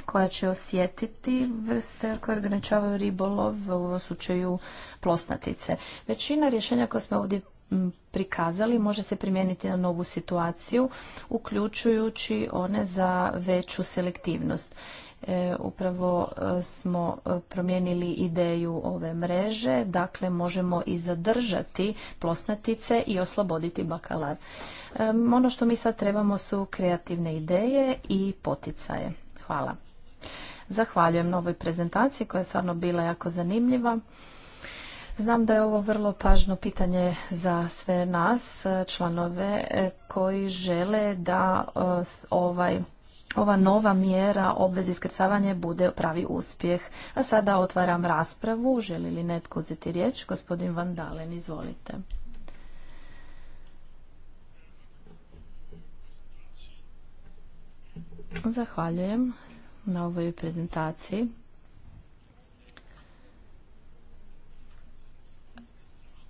B: koja će osjetiti vrste koje ograničavaju ribolov, u ovom slučaju plosnatice. Većina rješenja koje smo ovdje prikazali može se primijeniti na novu situaciju, uključujući one za veću selektivnost. E, upravo e, smo e, promijenili ideju ove mreže, dakle možemo i zadržati plosnatice i osloboditi bakalar. ono što mi sad trebamo su kreativne ideje i poticaje. Hvala. Zahvaljujem na ovoj prezentaciji koja je stvarno bila jako zanimljiva. Znam da je ovo vrlo pažno pitanje za sve nas, e, članove e, koji žele da e, ovaj ova nova mjera obvez iskrcavanje bude pravi uspjeh. A sada otvaram raspravu. Želi li netko uzeti riječ? Gospodin Vandalen, Dalen, izvolite. Zahvaljujem na ovoj prezentaciji.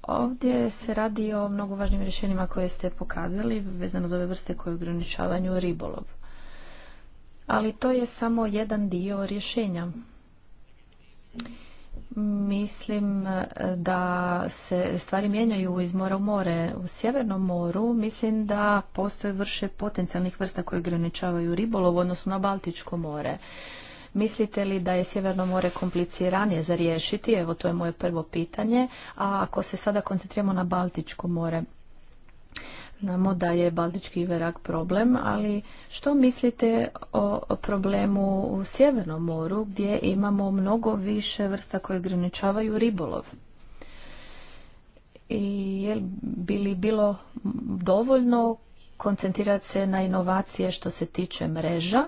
B: Ovdje se radi o mnogo važnim rješenjima koje ste pokazali vezano za ove vrste koje ograničavaju ribolov. Ali to je samo jedan dio rješenja. Mislim e, da se stvari mijenjaju iz mora u more. U Sjevernom moru mislim da postoje vrše potencijalnih vrsta koje ograničavaju ribolov, odnosno na Baltičko more. Mislite li da je Sjeverno more kompliciranije za riješiti? Evo, to je moje prvo pitanje. A ako se sada koncentriramo na Baltičko more, Znamo da je Baltički verak problem, ali što mislite o problemu u Sjevernom moru gdje imamo mnogo više vrsta koje ograničavaju ribolov? I je bi li bilo dovoljno koncentrirati se na inovacije što se tiče mreža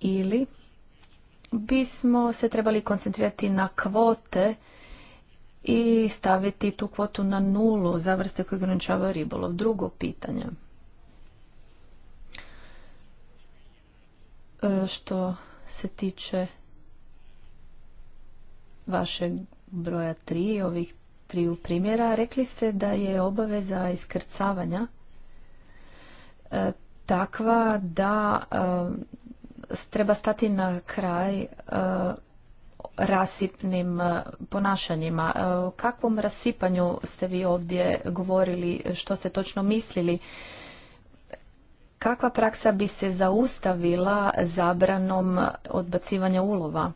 B: ili bismo se trebali koncentrirati na kvote i staviti tu kvotu na nulu za vrste koje ograničavaju ribolov. Drugo pitanje. E, što se tiče vašeg broja tri, ovih triju primjera, rekli ste da je obaveza iskrcavanja e, takva da e, treba stati na kraj rasipnim eh, ponašanjima. Eh, o kakvom rasipanju ste vi ovdje govorili, što ste točno mislili? Kakva praksa bi se zaustavila zabranom odbacivanja ulova?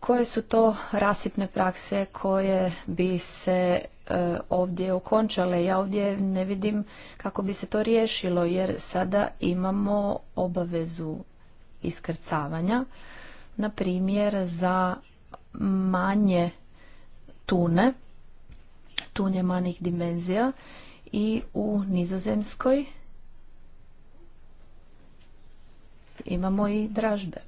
B: Koje su to rasipne prakse koje bi se eh, ovdje okončale. Ja ovdje ne vidim kako bi se to riješilo jer sada imamo obavezu iskrcavanja na primjer za manje tune, tunje manjih dimenzija i u nizozemskoj imamo i dražbe.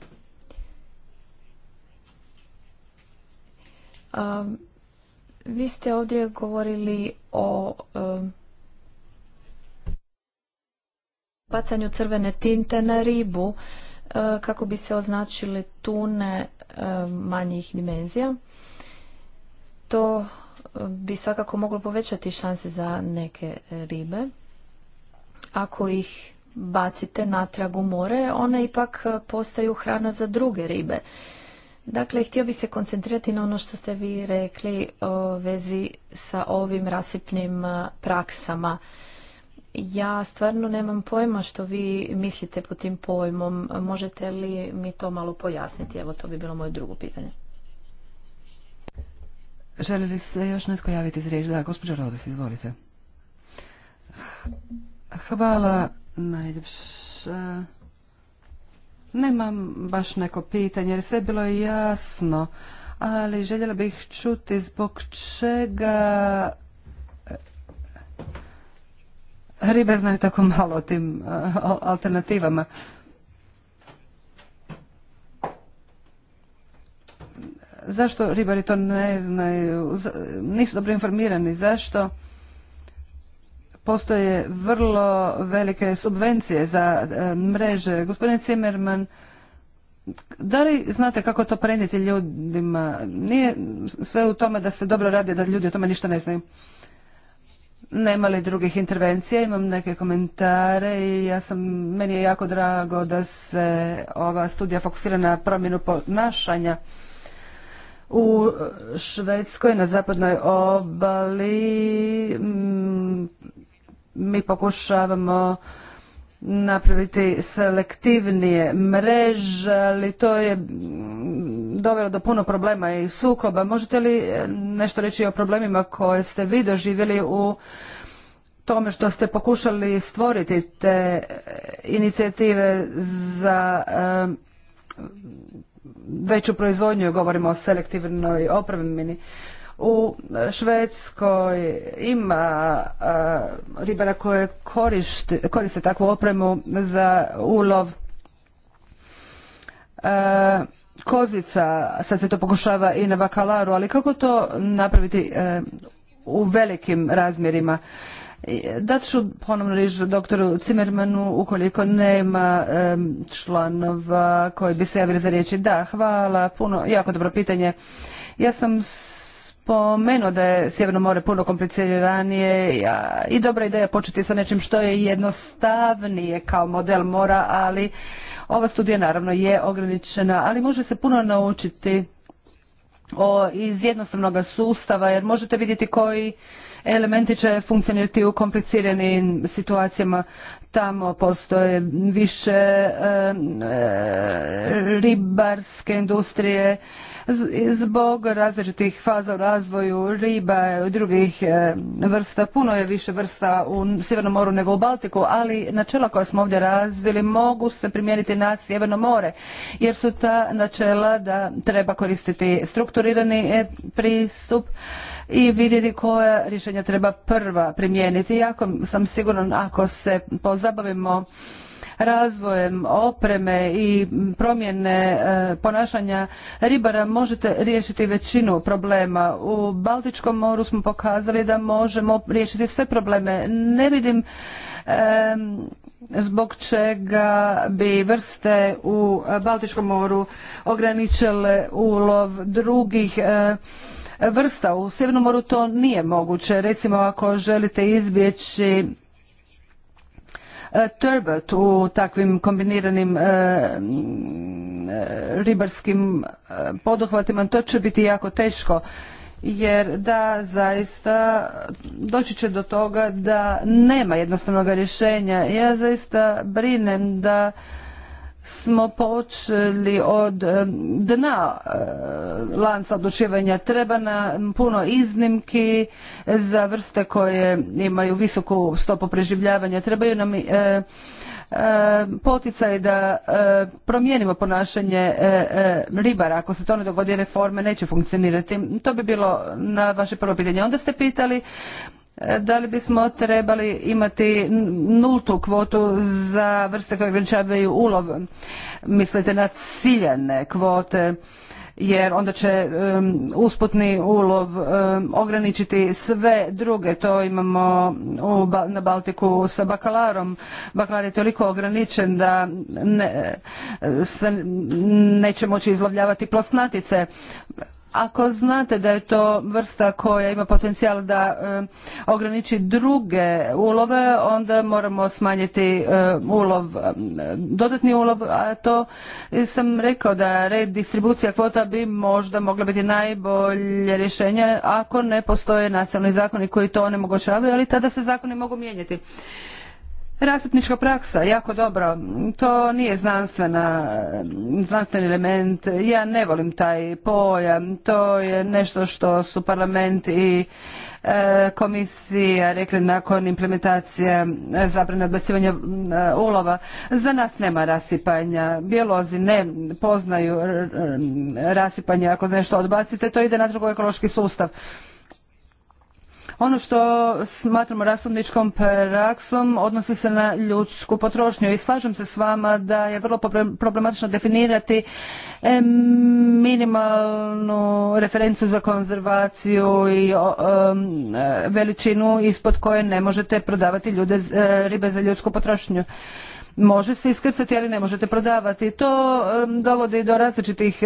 B: vi ste ovdje govorili o e, bacanju crvene tinte na ribu E, kako bi se označile tune e, manjih dimenzija. To e, bi svakako moglo povećati šanse za neke ribe. Ako ih bacite natrag u more, one ipak postaju hrana za druge ribe. Dakle, htio bih se koncentrirati na ono što ste vi rekli o vezi sa ovim rasipnim praksama. Ja stvarno nemam pojma što vi mislite pod tim pojmom. Možete li mi to malo pojasniti? Evo, to bi bilo moje drugo pitanje.
C: Želi li se još netko javiti za riječ? Da, gospođa Rodos, izvolite. Hvala najljepša. Nemam baš neko pitanje, jer sve je bilo jasno, ali željela bih čuti zbog čega ribe znaju tako malo o tim e, alternativama. Zašto ribari to ne znaju, nisu dobro informirani, zašto postoje vrlo velike subvencije za e, mreže. Gospodine Cimerman, da li znate kako to prenijeti ljudima? Nije sve u tome da se dobro radi, da ljudi o tome ništa ne znaju. Nema li drugih intervencija? Imam neke komentare i ja sam, meni je jako drago da se ova studija fokusira na promjenu ponašanja u Švedskoj na zapadnoj obali. Mm, mi pokušavamo napraviti selektivnije mreže, ali to je dovelo do puno problema i sukoba. Možete li e, nešto reći o problemima koje ste vi doživjeli u tome što ste pokušali stvoriti te e, inicijative za e, veću proizvodnju, govorimo o selektivnoj opremini. U Švedskoj ima ribara koje koriste takvu opremu za ulov kozica. Sad se to pokušava i na bakalaru, ali kako to napraviti e, u velikim razmjerima? Dat ću ponovno reći doktoru Cimermanu ukoliko nema e, članova koji bi se javili za riječi. Da, hvala puno, jako dobro pitanje. Ja sam spomenuo da je Sjeverno more puno kompliciranije i dobra ideja početi sa nečim što je jednostavnije kao model mora, ali ova studija naravno je ograničena, ali može se puno naučiti iz jednostavnog sustava jer možete vidjeti koji elementi će funkcionirati u kompliciranim situacijama. Tamo postoje više eh, ribarske industrije zbog različitih faza u razvoju riba i drugih eh, vrsta. Puno je više vrsta u Sjevernom moru nego u Baltiku, ali načela koja smo ovdje razvili mogu se primijeniti na Sjeverno more, jer su ta načela da treba koristiti strukturirani eh, pristup i vidjeti koja rješenja treba prva primijeniti. Jako sam siguran ako se pozabavimo razvojem opreme i promjene e, ponašanja ribara možete riješiti većinu problema. U Baltičkom moru smo pokazali da možemo riješiti sve probleme. Ne vidim zbog čega bi vrste u Baltičkom moru ograničile ulov drugih e, vrsta. U Sjevernom moru to nije moguće. Recimo ako želite izbjeći e, turbot u takvim kombiniranim e, e, ribarskim poduhvatima, to će biti jako teško jer da zaista doći će do toga da nema jednostavnog rješenja. Ja zaista brinem da smo počeli od eh, dna eh, lanca odlučivanja. Treba nam puno iznimki za vrste koje imaju visoku stopu preživljavanja. Trebaju nam eh, poticaj da promijenimo ponašanje ribara. Ako se to ne dogodi, reforme neće funkcionirati. To bi bilo na vaše prvo pitanje. Onda ste pitali E, da li bismo trebali imati nultu kvotu za vrste koje ograničavaju ulov? Mislite na ciljane kvote? jer onda će usputni ulov ograničiti sve druge. To imamo na Baltiku sa bakalarom. Bakalar je toliko ograničen da se neće moći izlovljavati plosnatice. Ako znate da je to vrsta koja ima potencijal da ograniči druge ulove, onda moramo smanjiti ulov, dodatni ulov, a to sam rekao da redistribucija kvota bi možda mogla biti najbolje rješenje ako ne postoje nacionalni zakoni koji to onemogućavaju, ali tada se zakoni mogu mijenjati. Rasetnička praksa, jako dobro. To nije znanstvena, znanstveni element. Ja ne volim taj pojam. To je nešto što su parlament i e, komisija rekli nakon implementacije e, zabrane odbacivanja e, ulova. Za nas nema rasipanja. Biolozi ne poznaju rasipanje. Ako nešto odbacite, to ide na drugo ekološki sustav. Ono što smatramo rasudničkom praksom odnosi se na ljudsku potrošnju i slažem se s vama da je vrlo problematično definirati e, minimalnu referencu za konzervaciju i e, veličinu ispod koje ne možete prodavati ljude, e, ribe za ljudsku potrošnju može se iskrcati ali ne možete prodavati to dovodi do različitih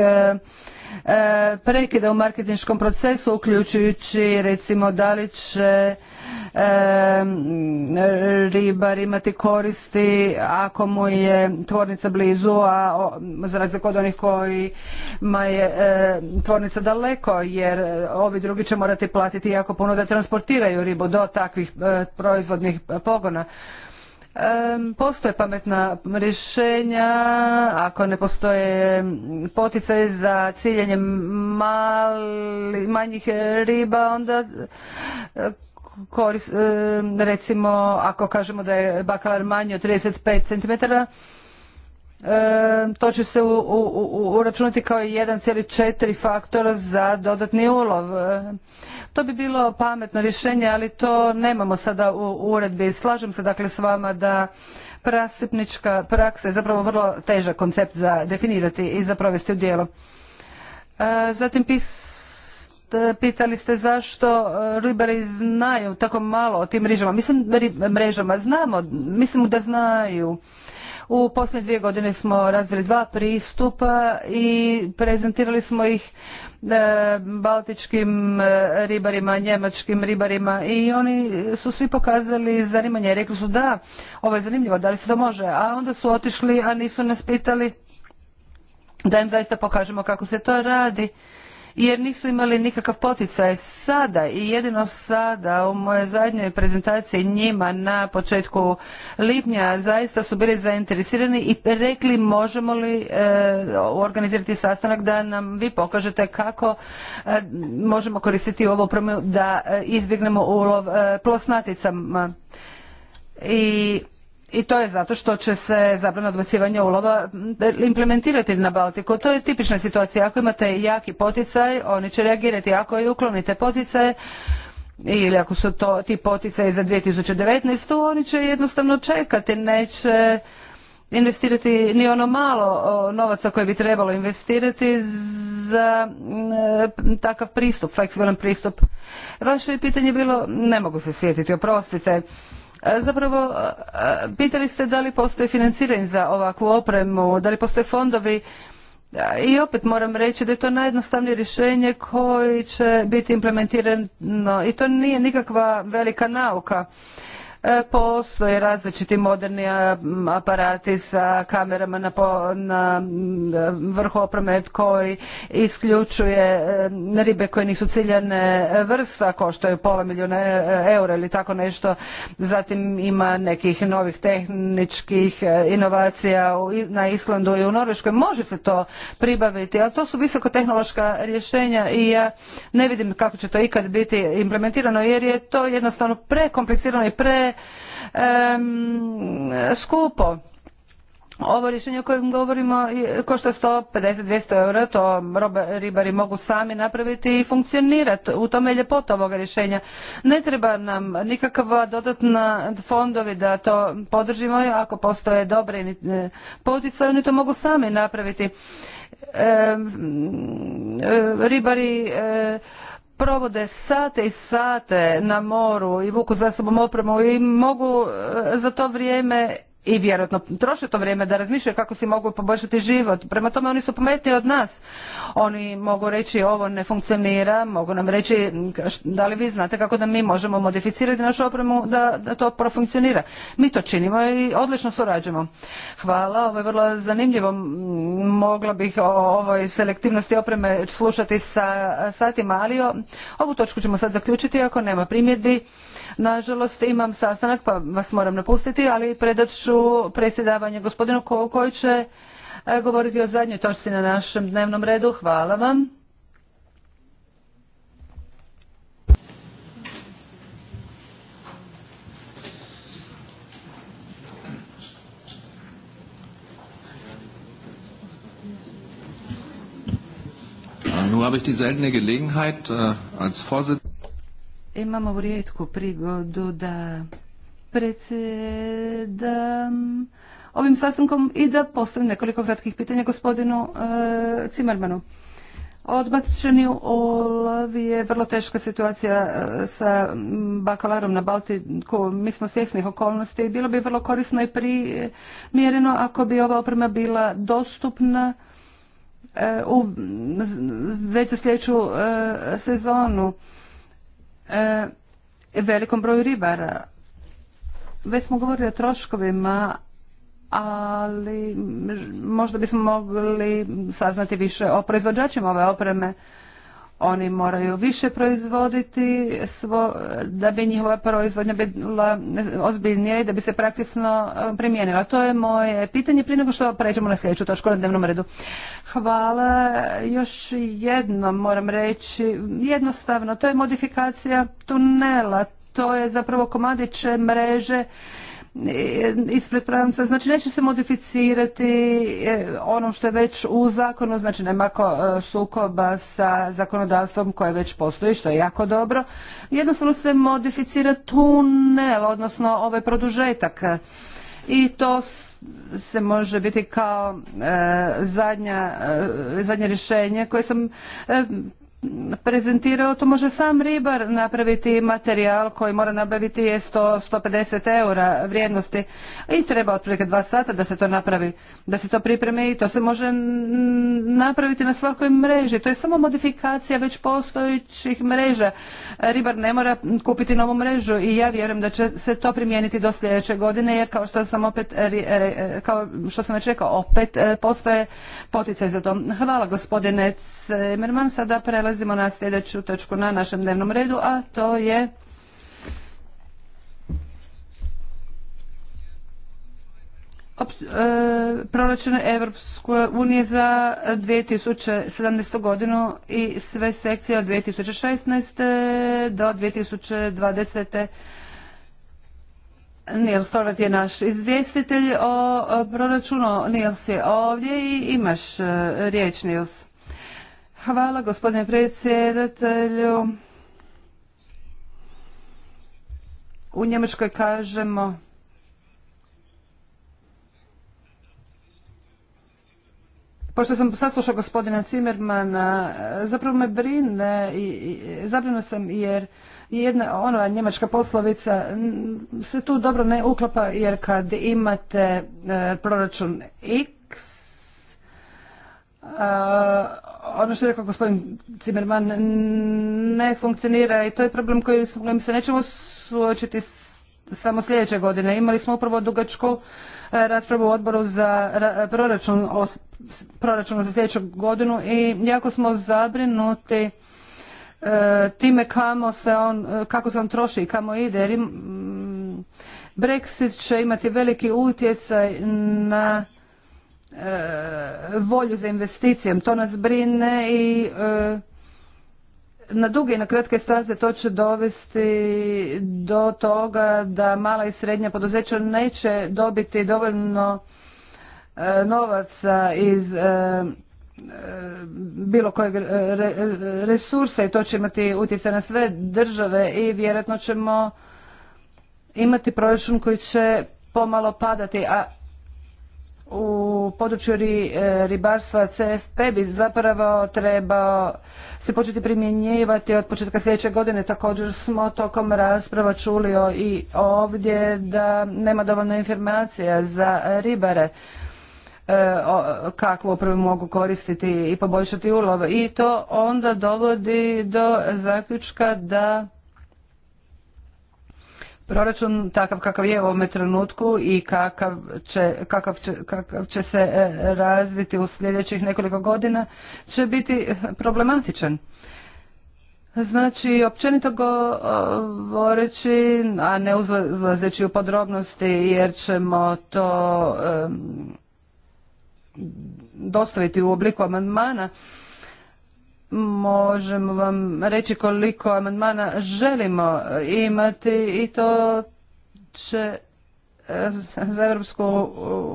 C: E, prekida u marketinškom procesu uključujući recimo da li će e, ribar imati koristi ako mu je tvornica blizu, a za razliku od onih kojima je e, tvornica daleko, jer ovi drugi će morati platiti jako puno da transportiraju ribu do takvih proizvodnih pogona. Postoje pametna rješenja, ako ne postoje poticaji za ciljenje manjih riba, onda e, e, recimo ako kažemo da je bakalar manji od 35 cm, e, to će se uračunati kao 1,4 faktora za dodatni ulov. To bi bilo pametno rješenje, ali to nemamo sada u uredbi. Slažem se dakle s vama da prasipnička praksa je zapravo vrlo težak koncept za definirati i za provesti u djelo. E, zatim pitali ste zašto e, ribari znaju tako malo o tim mrežama. Mislim, mrežama znamo, mislim da znaju. U posljednje dvije godine smo razvili dva pristupa i prezentirali smo ih e, baltičkim e, ribarima, njemačkim ribarima i oni su svi pokazali zanimanje. Rekli su da, ovo je zanimljivo, da li se to može, a onda su otišli, a nisu nas pitali da im zaista pokažemo kako se to radi jer nisu imali nikakav poticaj sada i jedino sada u mojoj zadnjoj prezentaciji njima na početku lipnja zaista su bili zainteresirani i rekli možemo li e, organizirati sastanak da nam vi pokažete kako e, možemo koristiti ovu opremu da e, izbjegnemo ulov plosnaticama i i to je zato što će se zabrana odbacivanja ulova implementirati na Baltiku. To je tipična situacija. Ako imate jaki poticaj, oni će reagirati. Ako je uklonite poticaje, ili ako su to ti poticaji za 2019. oni će jednostavno čekati, neće investirati ni ono malo novaca koje bi trebalo investirati za e, takav pristup, fleksibilan pristup. Vaše pitanje bilo, ne mogu se sjetiti, oprostite. E, zapravo, e, pitali ste da li postoji financiranje za ovakvu opremu, da li postoje fondovi e, i opet moram reći da je to najjednostavnije rješenje koje će biti implementirano i to nije nikakva velika nauka. E, postoje različiti moderni aparati sa kamerama na, na vrhu opromet koji isključuje e, ribe koje nisu ciljane vrsta, koštaju pola milijuna e, eura ili tako nešto. Zatim ima nekih novih tehničkih inovacija na Islandu i u Norveškoj. Može se to pribaviti, ali to su visokotehnološka rješenja i ja ne vidim kako će to ikad biti implementirano jer je to jednostavno prekomplicirano i pre je skupo. Ovo rješenje o kojem govorimo košta 150-200 eura, to ribari mogu sami napraviti i funkcionirati. U tome je ljepota ovoga rješenja. Ne treba nam nikakva dodatna fondovi da to podržimo, ako postoje dobre e, poticaje, oni to mogu sami napraviti. E, ribari e, provode sate i sate na moru i vuku za sobom opremu i mogu e, za to vrijeme i vjerojatno troše to vrijeme da razmišljaju kako si mogu poboljšati život. Prema tome oni su pametniji od nas. Oni mogu reći ovo ne funkcionira, mogu nam reći da li vi znate kako da mi možemo modificirati našu opremu da, da to profunkcionira. Mi to činimo i odlično surađujemo. Hvala, ovo je vrlo zanimljivo. Mogla bih o ovoj selektivnosti opreme slušati sa satima, ali ovu točku ćemo sad zaključiti ako nema primjedbi. Nažalost, imam sastanak pa vas moram napustiti, ali predat ću predsjedavanje gospodinu koji će e, govoriti o zadnjoj točci na našem dnevnom redu. Hvala vam.
B: habe ich die seltene Gelegenheit, äh, als
C: imamo rijetku prigodu da predsjedam ovim sastankom i da postavim nekoliko kratkih pitanja gospodinu e, Cimarmanu. Odbačeni Olav je vrlo teška situacija e, sa bakalarom na Baltiku. Mi smo svjesnih okolnosti i bilo bi vrlo korisno i primjereno ako bi ova oprema bila dostupna e, u, već za sljedeću e, sezonu. E, velikom broju ribara. Već smo govorili o troškovima, ali možda bismo mogli saznati više o proizvođačima ove opreme. Oni moraju više proizvoditi svo, da bi njihova proizvodnja bila ozbiljnija i da bi se praktično um, primijenila. To je moje pitanje prije nego što pređemo na sljedeću točku na dnevnom redu. Hvala. Još jednom moram reći, jednostavno, to je modifikacija tunela. To je zapravo komadiće mreže ispred pravnica. Znači neće se modificirati e, ono što je već u zakonu, znači nema e, sukoba sa zakonodavstvom koje već postoji, što je jako dobro. Jednostavno se modificira tunel, odnosno ovaj produžetak i to se može biti kao e, zadnja, zadnje rješenje koje sam prezentirao, to može sam ribar napraviti materijal koji mora nabaviti je 100-150 eura vrijednosti i treba otprilike dva sata da se to napravi, da se to pripremi i to se može napraviti na svakoj mreži. To je samo modifikacija već postojećih mreža. Ribar ne mora kupiti novu mrežu i ja vjerujem da će se to primijeniti do sljedeće godine jer kao što sam opet e, e, kao što sam već rekao opet e, postoje poticaj za to. Hvala gospodine Semerman. Sada prelazimo na sljedeću točku na našem dnevnom redu, a to je e, proračun Evropske unije za 2017. godinu i sve sekcije od 2016. do 2020. Nils Torvet je naš izvjestitelj o proračunu. Nils je ovdje i imaš e, riječ, Nils. Hvala gospodine predsjedatelju. U Njemačkoj kažemo Pošto sam saslušao gospodina Cimermana, zapravo me brine i zabrinut sam jer jedna ona njemačka poslovica se tu dobro ne uklapa jer kad imate e, proračun X ono što je rekao gospodin Cimerman ne funkcionira i to je problem koji se nećemo suočiti samo sljedeće godine. Imali smo upravo dugačku e, raspravu u odboru za proračun, za sljedeću godinu i jako smo zabrinuti e, time kamo se on, e, kako se on troši i kamo ide. Jer Brexit će imati veliki utjecaj na E, volju za investicijom. To nas brine i e, na duge i na kratke staze to će dovesti do toga da mala i srednja poduzeća neće dobiti dovoljno e, novaca iz bilo kojeg resursa i to će imati utjecaj na sve države i vjerojatno ćemo imati proračun koji će pomalo padati, a u području e, ribarstva CFP bi zapravo trebao se početi primjenjivati od početka sljedeće godine. Također smo tokom rasprava čuli i ovdje da nema dovoljno informacija za ribare e, kakvu opravu mogu koristiti i poboljšati ulov. I to onda dovodi do zaključka da Proračun takav kakav je u ovome trenutku i kakav će, se e, razviti u sljedećih nekoliko godina će biti problematičan. Znači, općenito govoreći, a ne uzlazeći u podrobnosti jer ćemo to e, dostaviti u obliku amandmana, možemo vam reći koliko amandmana želimo imati i to će e, za Europsku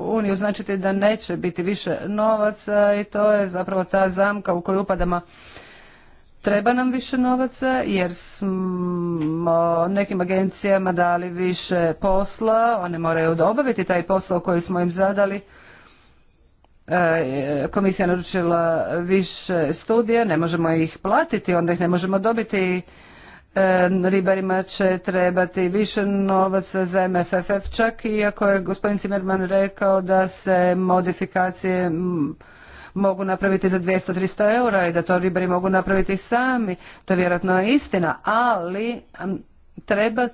C: uniju značiti da neće biti više novaca i to je zapravo ta zamka u koju upadamo. Treba nam više novaca jer smo nekim agencijama dali više posla, one moraju obaviti taj posao koji smo im zadali E, komisija naručila više studija, ne možemo ih platiti, onda ih ne možemo dobiti. E, ribarima će trebati više novaca za MFFF, čak iako je gospodin Cimerman rekao da se modifikacije mogu napraviti za 200-300 eura i da to ribari mogu napraviti sami. To je vjerojatno istina, ali treba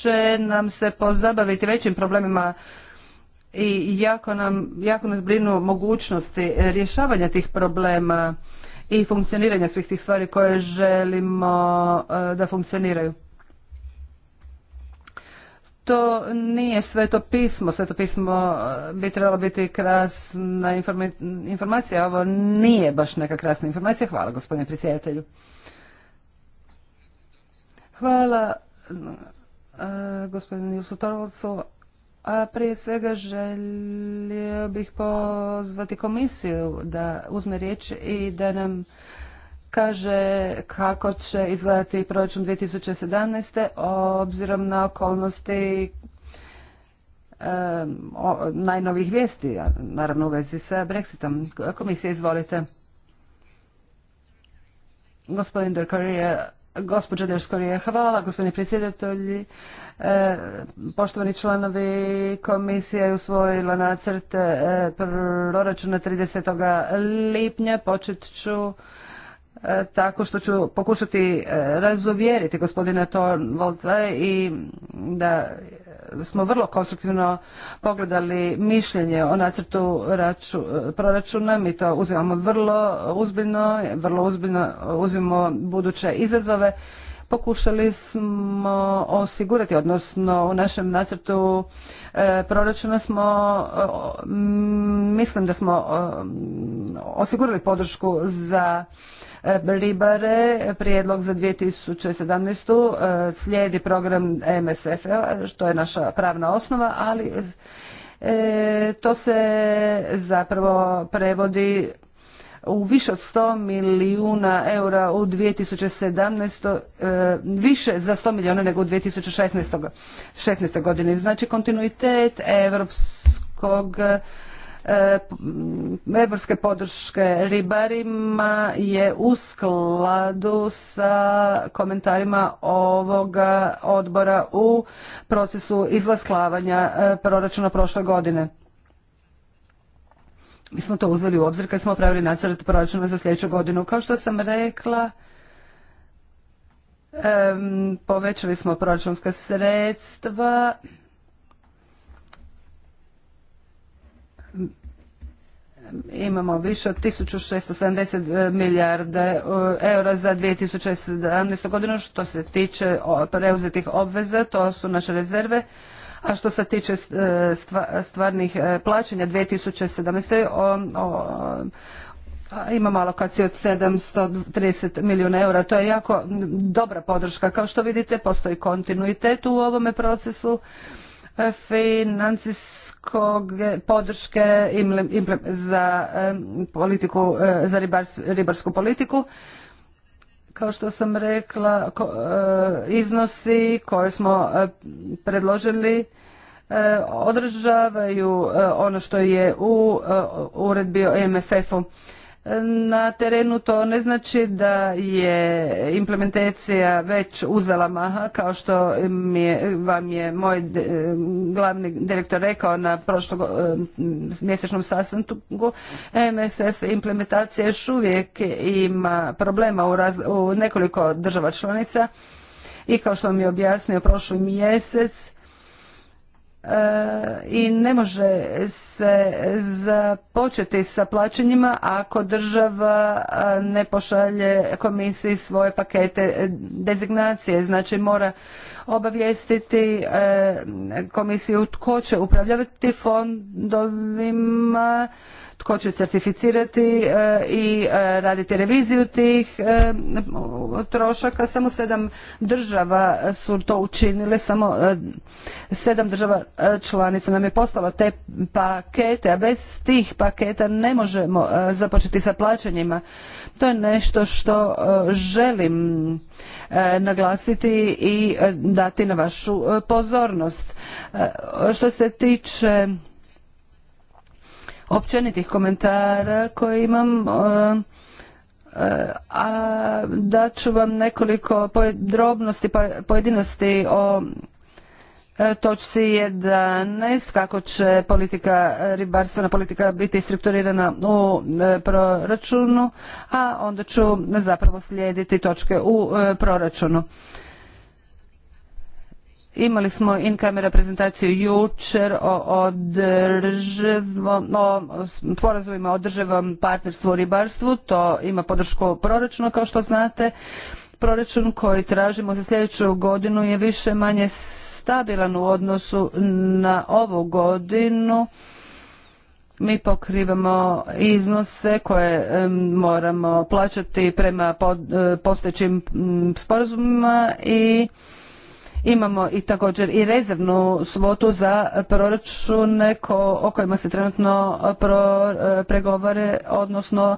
C: će nam se pozabaviti većim problemima i jako, nam, jako nas brinu mogućnosti rješavanja tih problema i funkcioniranja svih tih stvari koje želimo e, da funkcioniraju. To nije sve to pismo. Sveto pismo e, bi trebalo biti krasna informacija. Ovo nije baš neka krasna informacija. Hvala gospodine predsjedatelju. Hvala e, gospodinu Jusu a prije svega želio bih pozvati komisiju da uzme riječ i da nam kaže kako će izgledati proračun 2017. obzirom na okolnosti najnovih vijesti, naravno u vezi sa Brexitom. Komisija, izvolite. Gospodin dr Gospođa Derskorija, hvala gospodine predsjedatelji. E, poštovani članovi komisija je usvojila nacrt e, proračuna 30. lipnja. Počet ću E, tako što ću pokušati e, razuvjeriti gospodina Torvalca i da smo vrlo konstruktivno pogledali mišljenje o nacrtu e, proračuna. Mi to uzimamo vrlo uzbiljno, vrlo uzbiljno uzimamo buduće izazove pokušali smo osigurati, odnosno u našem nacrtu e, proračuna smo, e, mislim da smo e, osigurali podršku za ribare, prijedlog za 2017. slijedi program MFF, što je naša pravna osnova, ali to se zapravo prevodi u više od 100 milijuna eura u 2017. E, više za 100 milijuna nego u 2016. 16. godini. Znači kontinuitet evropskog e, evropske podrške ribarima je u skladu sa komentarima ovoga odbora u procesu izlasklavanja e, proračuna prošle godine mi smo to uzeli u obzir kad smo pravili nacrt proračuna za sljedeću godinu. Kao što sam rekla, povećali smo proračunska sredstva. imamo više od 1670 e, milijarde e, eura za 2017. godinu što se tiče preuzetih obveza, to su naše rezerve. A što se tiče e, stvarnih e, plaćanja 2017. Imamo alokaciju od 730 milijuna eura. To je jako dobra podrška. Kao što vidite, postoji kontinuitet u ovome procesu e, financijskog podrške za politiku, za ribarsku politiku kao što sam rekla, e, iznosi koje smo e, predložili e, održavaju ono što je u uredbi o MFF-u na terenu to ne znači da je implementacija već uzela maha kao što vam je moj e, glavni direktor rekao na prošlom e, mjesečnom sastanku MFF implementacija još uvijek ima problema u, nekoliko država članica i kao što mi je objasnio prošli mjesec i ne može se započeti sa plaćanjima ako država ne pošalje komisiji svoje pakete dezignacije. Znači mora obavijestiti e, komisiju tko će upravljati fondovima tko će certificirati e, i e, raditi reviziju tih e, trošaka. Samo sedam država su to učinile, samo sedam država članica nam je poslalo te pakete, a bez tih paketa ne možemo započeti sa plaćanjima. To je nešto što želim naglasiti i dati na vašu pozornost. Što se tiče općenitih komentara koje imam uh, uh, a dat ću vam nekoliko drobnosti, pa, pojedinosti o e, točci 11 kako će politika ribarstvena politika biti strukturirana u e, proračunu, a onda ću zapravo slijediti točke u e, proračunu. Imali smo in kamera prezentaciju jučer o održivom, o sporazumima o održivom partnerstvu u ribarstvu. To ima podršku proračuna kao što znate. Proračun koji tražimo za sljedeću godinu je više manje stabilan u odnosu na ovu godinu. Mi pokrivamo iznose koje moramo plaćati prema eh, postojećim mm, sporazumima i Imamo i također i rezervnu svotu za proračune o kojima se trenutno e, pro, e, pregovore, odnosno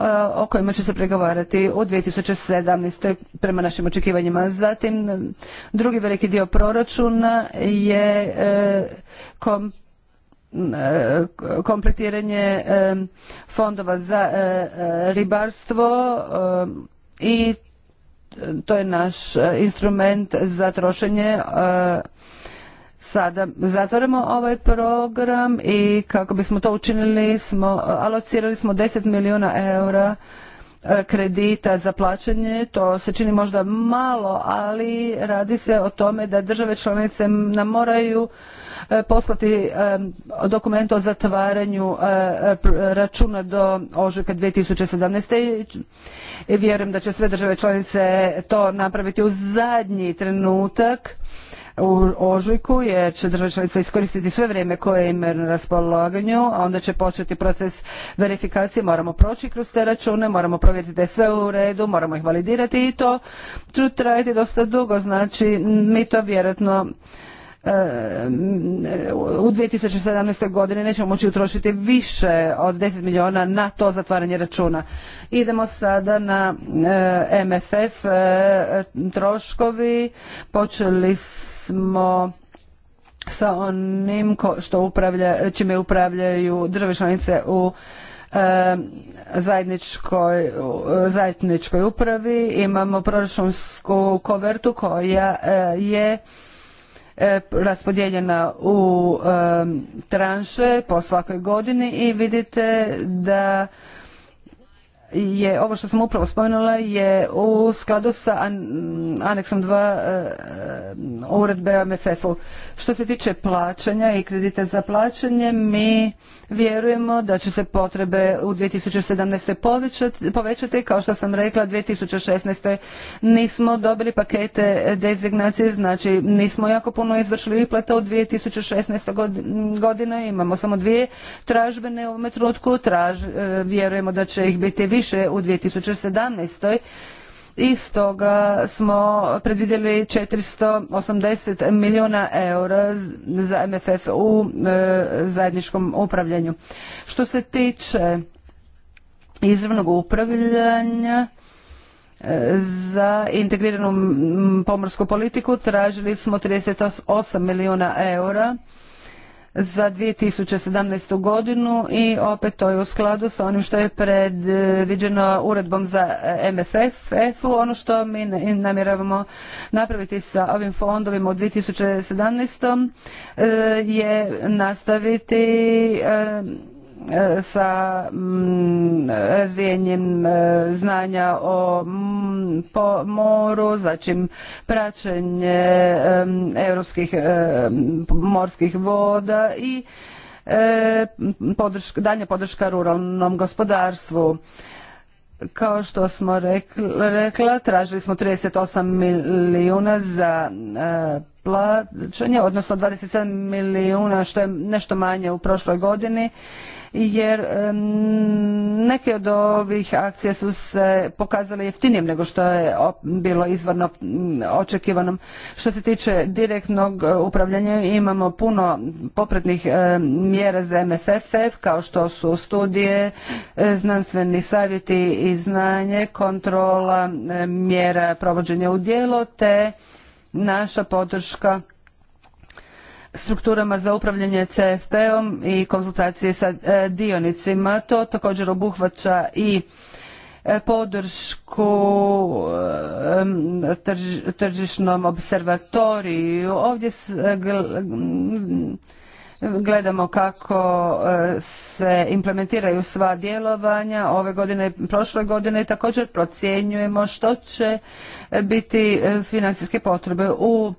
C: e, o kojima će se pregovarati u 2017. prema našim očekivanjima. Zatim, drugi veliki dio proračuna je kompletiranje fondova za ribarstvo i to je naš e, instrument za trošenje e, sada zatvaramo ovaj program i kako bismo to učinili smo e, alocirali smo 10 milijuna eura E, kredita za plaćanje, to se čini možda malo, ali radi se o tome da države članice nam moraju e, poslati e, dokument o zatvaranju računa do ožujka 2017. i vjerujem da će sve države članice to napraviti u zadnji trenutak u ožujku jer će država iskoristiti sve vrijeme koje im je na raspolaganju, a onda će početi proces verifikacije, moramo proći kroz te račune, moramo provjeriti da je sve u redu, moramo ih validirati i to će trajati dosta dugo, znači mi to vjerojatno u 2017. godini nećemo moći utrošiti više od 10 milijuna na to zatvaranje računa. Idemo sada na e, MFF e, troškovi. Počeli smo sa onim što upravlja, čime upravljaju države članice u e, Zajedničkoj, zajedničkoj upravi. Imamo proračunsku kovertu koja je E, raspodijeljena u e, tranše po svakoj godini i vidite da je ovo što sam upravo spomenula je u skladu sa aneksom 2 e, e, uredbe o MFF-u. Što se tiče plaćanja i kredita za plaćanje, mi vjerujemo da će se potrebe u 2017. povećati, kao što sam rekla 2016. nismo dobili pakete dezignacije, znači nismo jako puno izvršili uplata u 2016. godine, imamo samo dvije tražbene u ovom trenutku, e, vjerujemo da će ih biti više više u 2017. I stoga smo predvidjeli 480 milijuna eura za MFF u e, zajedničkom upravljanju. Što se tiče izravnog upravljanja, e, za integriranu pomorsku politiku tražili smo 38 milijuna eura za 2017. godinu i opet to je u skladu sa onim što je predviđeno uredbom za MFF. Ono što mi namjeravamo napraviti sa ovim fondovima u 2017. E, je nastaviti e, E, sa mm, razvijenjem e, znanja o mm, moru, znači praćenje e, europskih morskih voda i podrška, dalja podrška ruralnom gospodarstvu. Kao što smo rekla, tražili smo 38 milijuna za plaćanje, odnosno 27 milijuna što je nešto manje u prošloj godini jer neke od ovih akcija su se pokazale jeftinijim nego što je bilo izvorno mm, očekivanom. Što se tiče direktnog e, upravljanja imamo puno popretnih mjera za MFFF kao što su studije, e, znanstveni savjeti i znanje, kontrola mjera provođenja u djelo te naša podrška strukturama za upravljanje CFP-om i konzultacije sa e, dionicima. To također obuhvaća i e, podršku e, tržišnom observatoriju. Ovdje Gledamo kako e, se implementiraju sva djelovanja ove godine i prošle godine i također procjenjujemo što će biti e, financijske potrebe u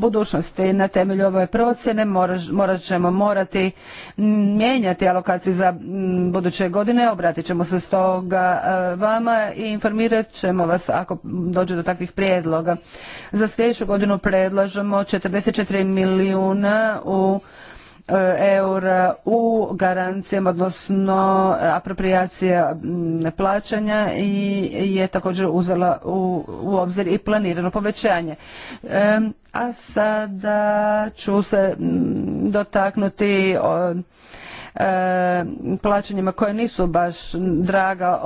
C: budućnosti. Na temelju ove procjene morat ćemo morati mijenjati alokacije za buduće godine. Obratit ćemo se stoga e, vama i informirat ćemo vas ako dođe do takvih prijedloga. Za sljedeću godinu predlažemo 44 milijuna u eura u garancijama, odnosno eh, apropriacija mm, plaćanja i je također uzela u, obzir i planirano povećanje. a sada ću se mm, dotaknuti o, eh, plaćanjima koje nisu baš draga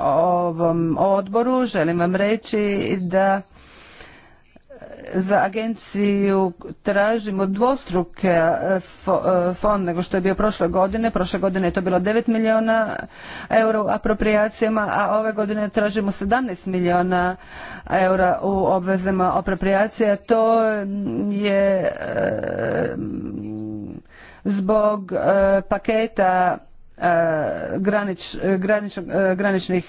C: ovom odboru. Želim vam reći da za agenciju tražimo dvostruke e, e, fond nego što je bio prošle godine. Prošle godine je to bilo 9 milijuna eura u apropriacijama, a ove godine tražimo 17 milijuna eura u obvezama apropriacija. To je e, zbog paketa E, e, e, graničnih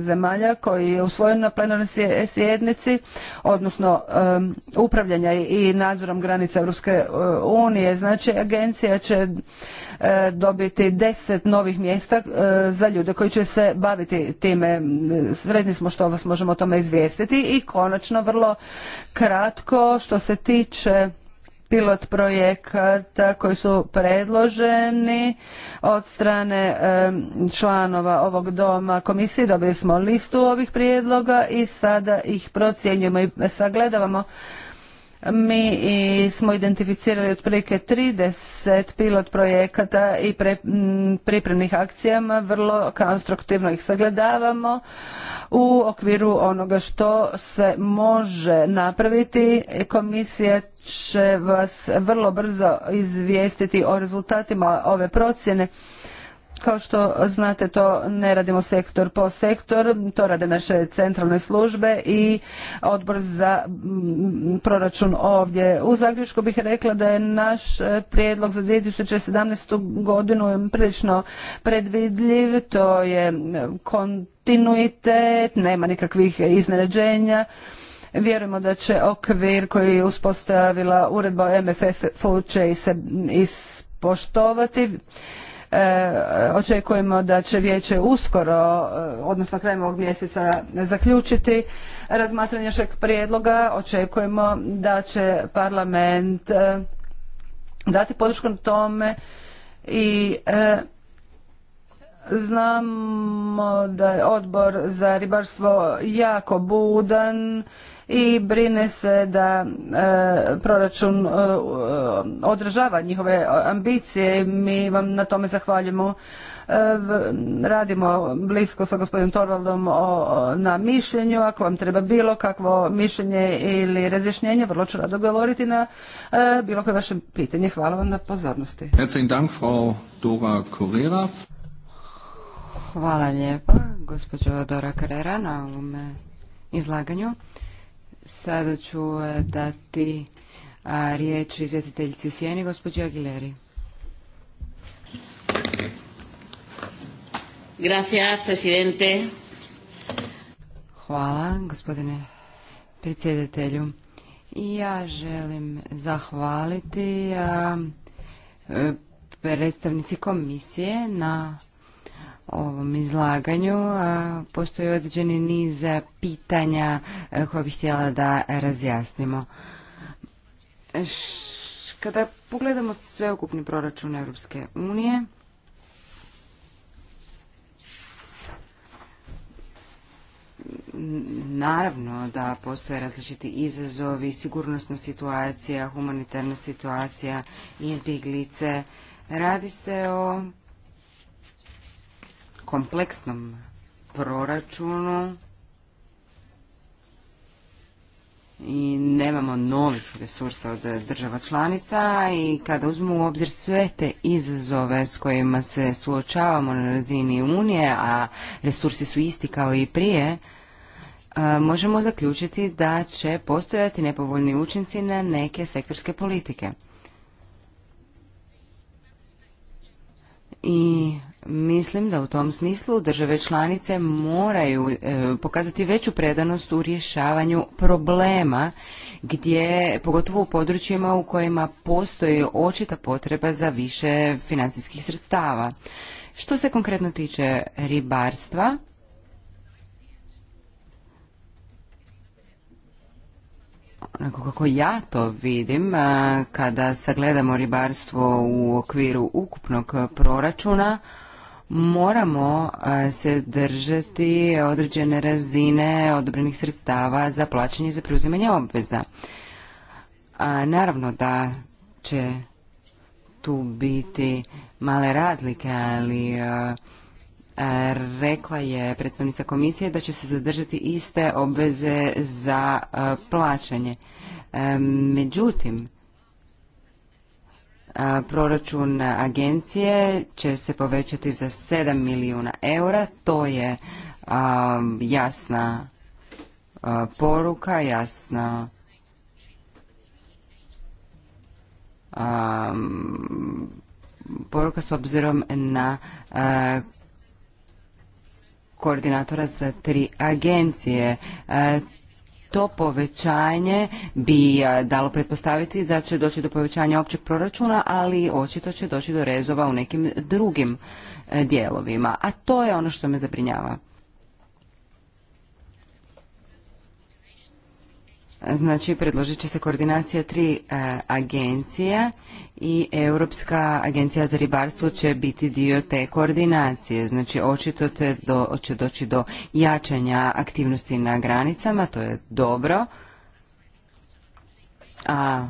C: zemalja koji je usvojen na plenarnoj sjednici, odnosno upravljanja i nadzorom granica Europske unije. Znači, agencija će dobiti deset novih mjesta za ljude koji će se baviti time. Sredni smo što vas možemo o tome izvijestiti i konačno vrlo kratko što se tiče pilot projekata koji su predloženi od strane članova ovog doma komisije. Dobili smo listu ovih prijedloga i sada ih procjenjujemo i sagledavamo mi smo identificirali otprilike 30 pilot projekata i pripremnih akcijama, vrlo konstruktivno ih sagledavamo u okviru onoga što se može napraviti. Komisija će vas vrlo brzo izvijestiti o rezultatima ove procjene kao što znate, to ne radimo sektor po sektor, to rade naše centralne službe i odbor za mm, proračun ovdje. U zaključku bih rekla da je naš prijedlog za 2017. godinu prilično predvidljiv, to je kontinuitet, nema nikakvih iznenađenja. Vjerujemo da će okvir koji je uspostavila uredba o MFF-u će se ispoštovati. Eh, očekujemo da će vijeće uskoro, eh, odnosno krajem ovog mjeseca, zaključiti razmatranje našeg prijedloga. Očekujemo da će parlament eh, dati podršku tome i Znamo da je odbor za ribarstvo jako budan i brine se da e, proračun e, održava njihove ambicije mi vam na tome zahvaljujemo. E, radimo blisko sa gospodinom Torvaldom o, na mišljenju. Ako vam treba bilo kakvo mišljenje ili razjašnjenje, vrlo ću rado govoriti na bilo koje vaše pitanje. Hvala vam na pozornosti. Hvala lijepa,
A: gospođo Dora Carrera, na ovom izlaganju. Sada ću e, dati riječ izvjestiteljici u sjeni, gospođi Aguileri.
C: Gracias,
A: presidente. Hvala, gospodine predsjedatelju. Ja želim zahvaliti e, predstavnici komisije na ovom izlaganju. Postoji određeni niz e, pitanja e, koje bih htjela da razjasnimo. Kada pogledamo sveukupni proračun Europske unije, Naravno da postoje različiti izazovi, sigurnosna situacija, humanitarna situacija, izbjeglice. Radi se o kompleksnom proračunu i nemamo novih resursa od država članica i kada uzmemo u obzir sve te izazove s kojima se suočavamo na razini Unije, a resursi su isti kao i prije, e, možemo zaključiti da će postojati nepovoljni učinci na neke sektorske politike. I Mislim da u tom smislu države članice moraju e, pokazati veću predanost u rješavanju problema gdje, pogotovo u područjima u kojima postoji očita potreba za više financijskih sredstava. Što se konkretno tiče ribarstva, onako kako ja to vidim, e, kada sagledamo ribarstvo u okviru ukupnog proračuna, moramo e, se držati određene razine odobrenih sredstava za plaćanje i za preuzimanje obveza. naravno da će tu biti male razlike, ali e, e, rekla je predstavnica komisije da će se zadržati iste obveze za plaćanje. Međutim, Proračun agencije će se povećati za 7 milijuna eura, to je jasna poruka, jasna poruka s obzirom na koordinatora za tri agencije to povećanje bi dalo pretpostaviti da će doći do povećanja općeg proračuna, ali očito će doći do rezova u nekim drugim e, dijelovima. A to je ono što me zabrinjava. Znači, predložit će se koordinacija tri e, agencije i Europska agencija za ribarstvo će biti dio te koordinacije. Znači, očito će doći do jačanja aktivnosti na granicama, to je dobro. A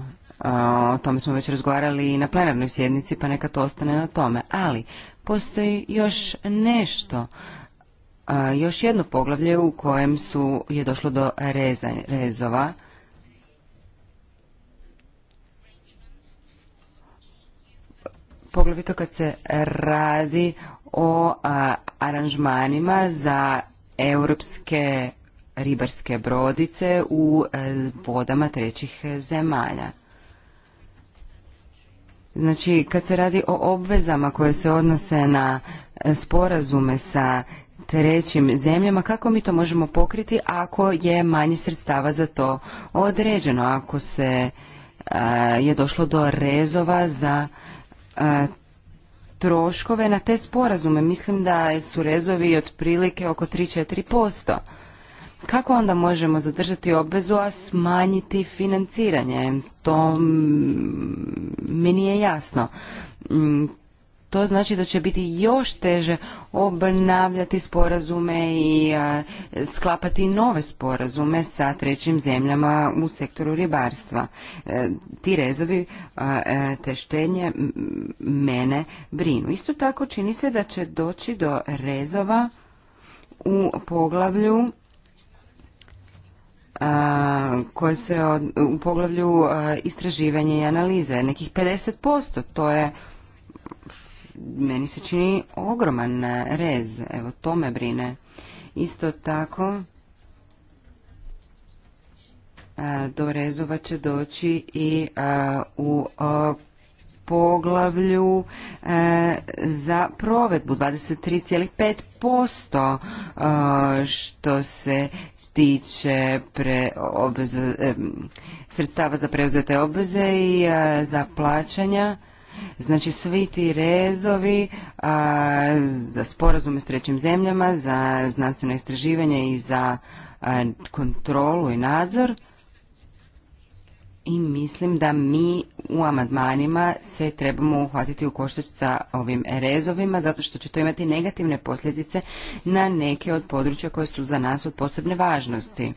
A: o tome smo već razgovarali i na plenarnoj sjednici, pa neka to ostane na tome. Ali, postoji još nešto još jedno poglavlje u kojem su je došlo do rezova poglavito kad se radi o aranžmanima za europske ribarske brodice u e, vodama trećih zemalja. Znači, kad se radi o obvezama koje se odnose na e, sporazume sa trećim zemljama, kako mi to možemo pokriti ako je manje sredstava za to određeno, ako se e, je došlo do rezova za E, troškove na te sporazume. Mislim da su rezovi otprilike oko 3-4%. Kako onda možemo zadržati obvezu, a smanjiti financiranje? To mi nije jasno. Mm, to znači da će biti još teže obnavljati sporazume i e, sklapati nove sporazume sa trećim zemljama u sektoru ribarstva. E, ti rezovi e, te štenje mene brinu. Isto tako čini se da će doći do rezova u poglavlju koje se u poglavlju istraživanja i analize nekih 50%. To je meni se čini ogroman rez, evo to me brine. Isto tako, do rezova će doći i u poglavlju za provedbu 23,5% što se tiče sredstava za preuzete obveze i za plaćanja Znači svi ti rezovi za sporazume s trećim zemljama, za znanstveno istraživanje i za kontrolu i nadzor i mislim da mi u amadmanima se trebamo uhvatiti u koštac sa ovim rezovima zato što će to imati negativne posljedice na neke od područja koje su za nas od posebne važnosti.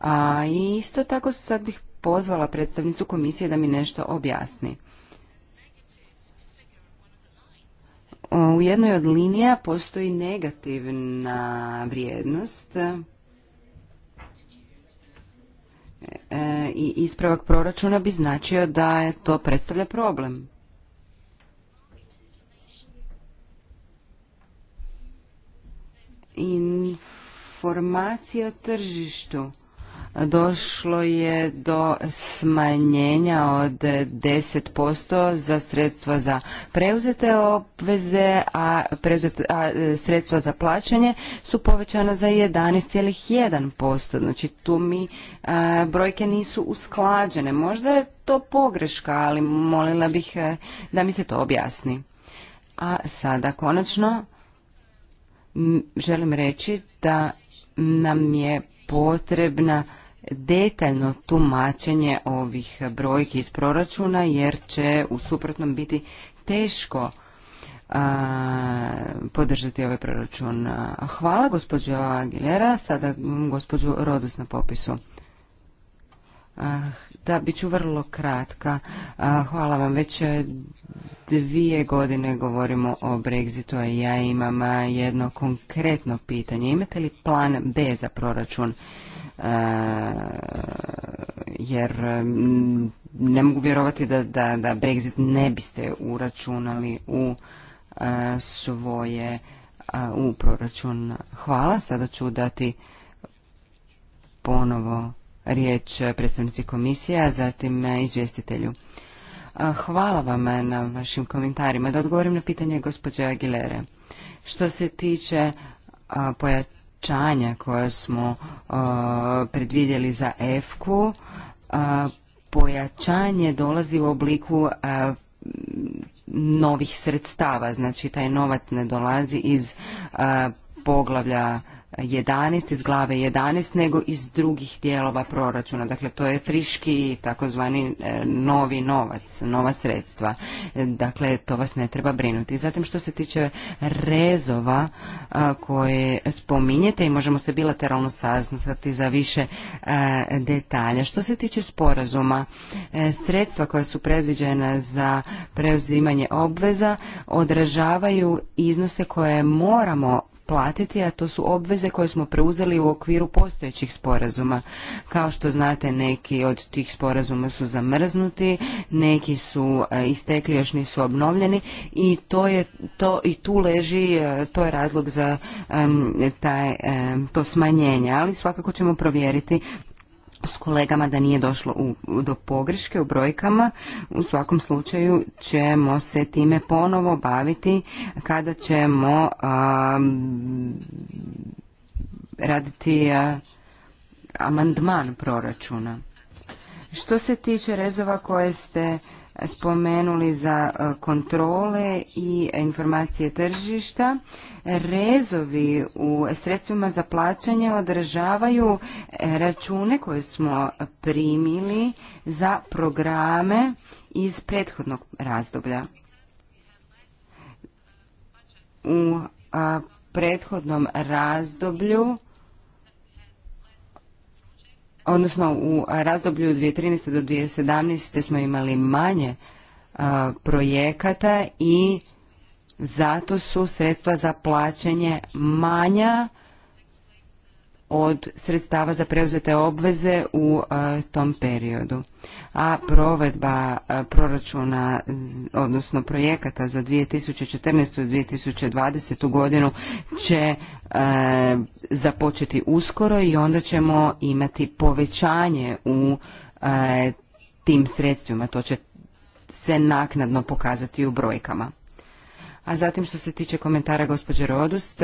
A: A isto tako sad bih pozvala predstavnicu komisije da mi nešto objasni. U jednoj od linija postoji negativna vrijednost e, i ispravak proračuna bi značio da je to predstavlja problem. Informacija o tržištu došlo je do smanjenja od 10% za sredstva za preuzete obveze, a, e, sredstva za plaćanje su povećana za 11,1%. Znači tu mi e, brojke nisu usklađene. Možda je to pogreška, ali molila bih e, da mi se to objasni. A sada konačno želim reći da nam je potrebna detaljno tumačenje ovih brojki iz proračuna jer će u suprotnom biti teško podržati ovaj proračun. Hvala gospođo Aguilera, sada gospođu Rodus na popisu. Da, bit ću vrlo kratka. Hvala vam. Već e, dvije godine govorimo o Brexitu, a ja imam jedno konkretno pitanje. Imate li plan B za proračun? E, jer ne mogu vjerovati da, da, da Brexit ne biste uračunali u e, svoje e, u proračun. Hvala. Sada ću dati ponovo riječ predstavnici komisije, a zatim izvjestitelju. Hvala vam na vašim komentarima. Da odgovorim na pitanje gospođe Aguilere. Što se tiče pojačanja povećanja koja smo uh, predvidjeli za uh, pojačanje dolazi u obliku uh, novih sredstava, znači taj novac ne dolazi iz uh, poglavlja 11 iz glave 11 nego iz drugih dijelova proračuna. Dakle, to je friški takozvani e, novi novac, nova sredstva. E, dakle, to vas ne treba brinuti. Zatim što se tiče rezova e, koje spominjete i možemo se bilateralno saznati za više detalja. Što se tiče sporazuma, sredstva koja su predviđena za preuzimanje obveza odražavaju iznose koje moramo platiti, a to su obveze koje smo preuzeli u okviru postojećih sporazuma. Kao što znate, neki od tih sporazuma su zamrznuti, neki su e, istekli, još nisu obnovljeni i to je to i tu leži, e, to je razlog za taj, to smanjenje, ali svakako ćemo provjeriti s kolegama da nije došlo do pogreške u brojkama. U svakom slučaju ćemo se time ponovo baviti kada ćemo raditi amandman proračuna. Što se tiče rezova koje ste spomenuli za e, kontrole i informacije tržišta. Rezovi u sredstvima za plaćanje održavaju e, račune koje smo primili za programe iz prethodnog razdoblja. U prethodnom razdoblju odnosno u razdoblju 2013. do 2017. smo imali manje e, projekata i zato su sredstva za plaćanje manja od sredstava za preuzete obveze u e, tom periodu. A provedba e, proračuna, odnosno projekata za 2014. i 2020. godinu će e, započeti uskoro i onda ćemo imati povećanje u tim sredstvima. To će se naknadno pokazati u brojkama. A zatim što se tiče komentara gospođe Rodust,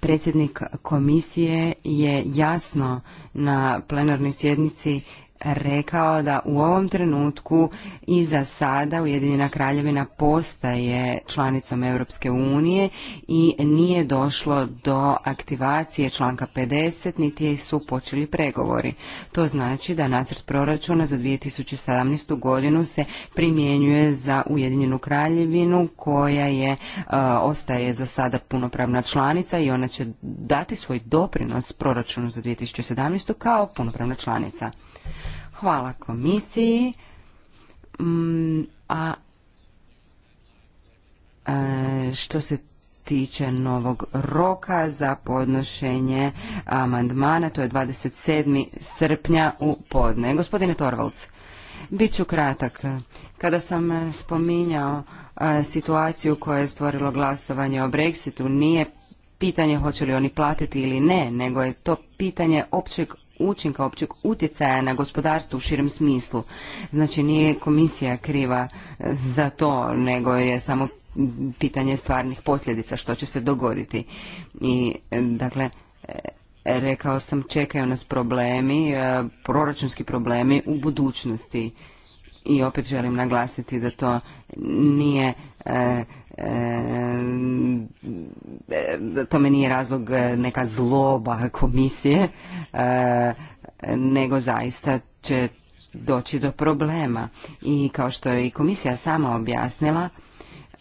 A: Predsjednik komisije je jasno na plenarnoj sjednici rekao da u ovom trenutku i za sada Ujedinjena kraljevina postaje članicom Europske unije i nije došlo do aktivacije članka 50 niti su počeli pregovori. To znači da nacrt proračuna za 2017. godinu se primjenjuje za Ujedinjenu kraljevinu koja je e, ostaje za sada punopravna članica i ona će dati svoj doprinos proračunu za 2017. kao punopravna članica. Hvala komisiji. Mm, a e, što se tiče novog roka za podnošenje amandmana, to je 27. srpnja u podne. Gospodine Torvalds, bit ću kratak. Kada sam spominjao e, situaciju koja je stvorilo glasovanje o Brexitu, nije pitanje hoće li oni platiti ili ne, nego je to pitanje općeg učinka, općeg utjecaja na gospodarstvo u širem smislu. Znači nije komisija kriva e, za to, nego je samo pitanje stvarnih posljedica što će se dogoditi. I e, dakle, e, rekao sam čekaju nas problemi, proračunski problemi u budućnosti. I opet želim naglasiti da to nije E, to me nije razlog e, neka zloba komisije, e, nego zaista će doći do problema. I kao što je i komisija sama objasnila,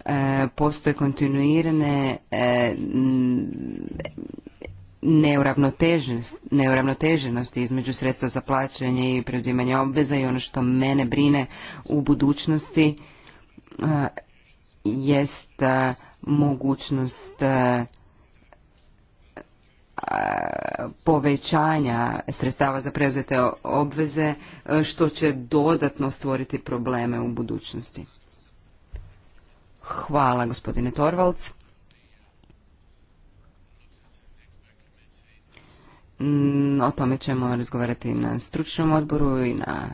A: e, postoje kontinuirane neuravnoteženosti između sredstva za plaćanje i preuzimanje obveza i ono što mene brine u budućnosti jest e, mogućnost e, povećanja sredstava za preuzete obveze e, što će dodatno stvoriti probleme u budućnosti. Hvala gospodine Torvalds. Mm, o tome ćemo razgovarati na stručnom odboru i na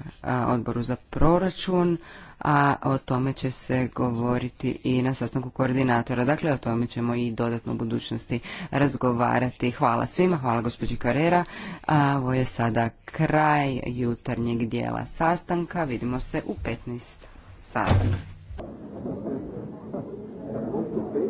A: odboru za proračun a o tome će se govoriti i na sastanku koordinatora. Dakle, o tome ćemo i dodatno u budućnosti razgovarati. Hvala svima, hvala gospođi Karera. A ovo je sada kraj jutarnjeg dijela sastanka. Vidimo se u 15 sati.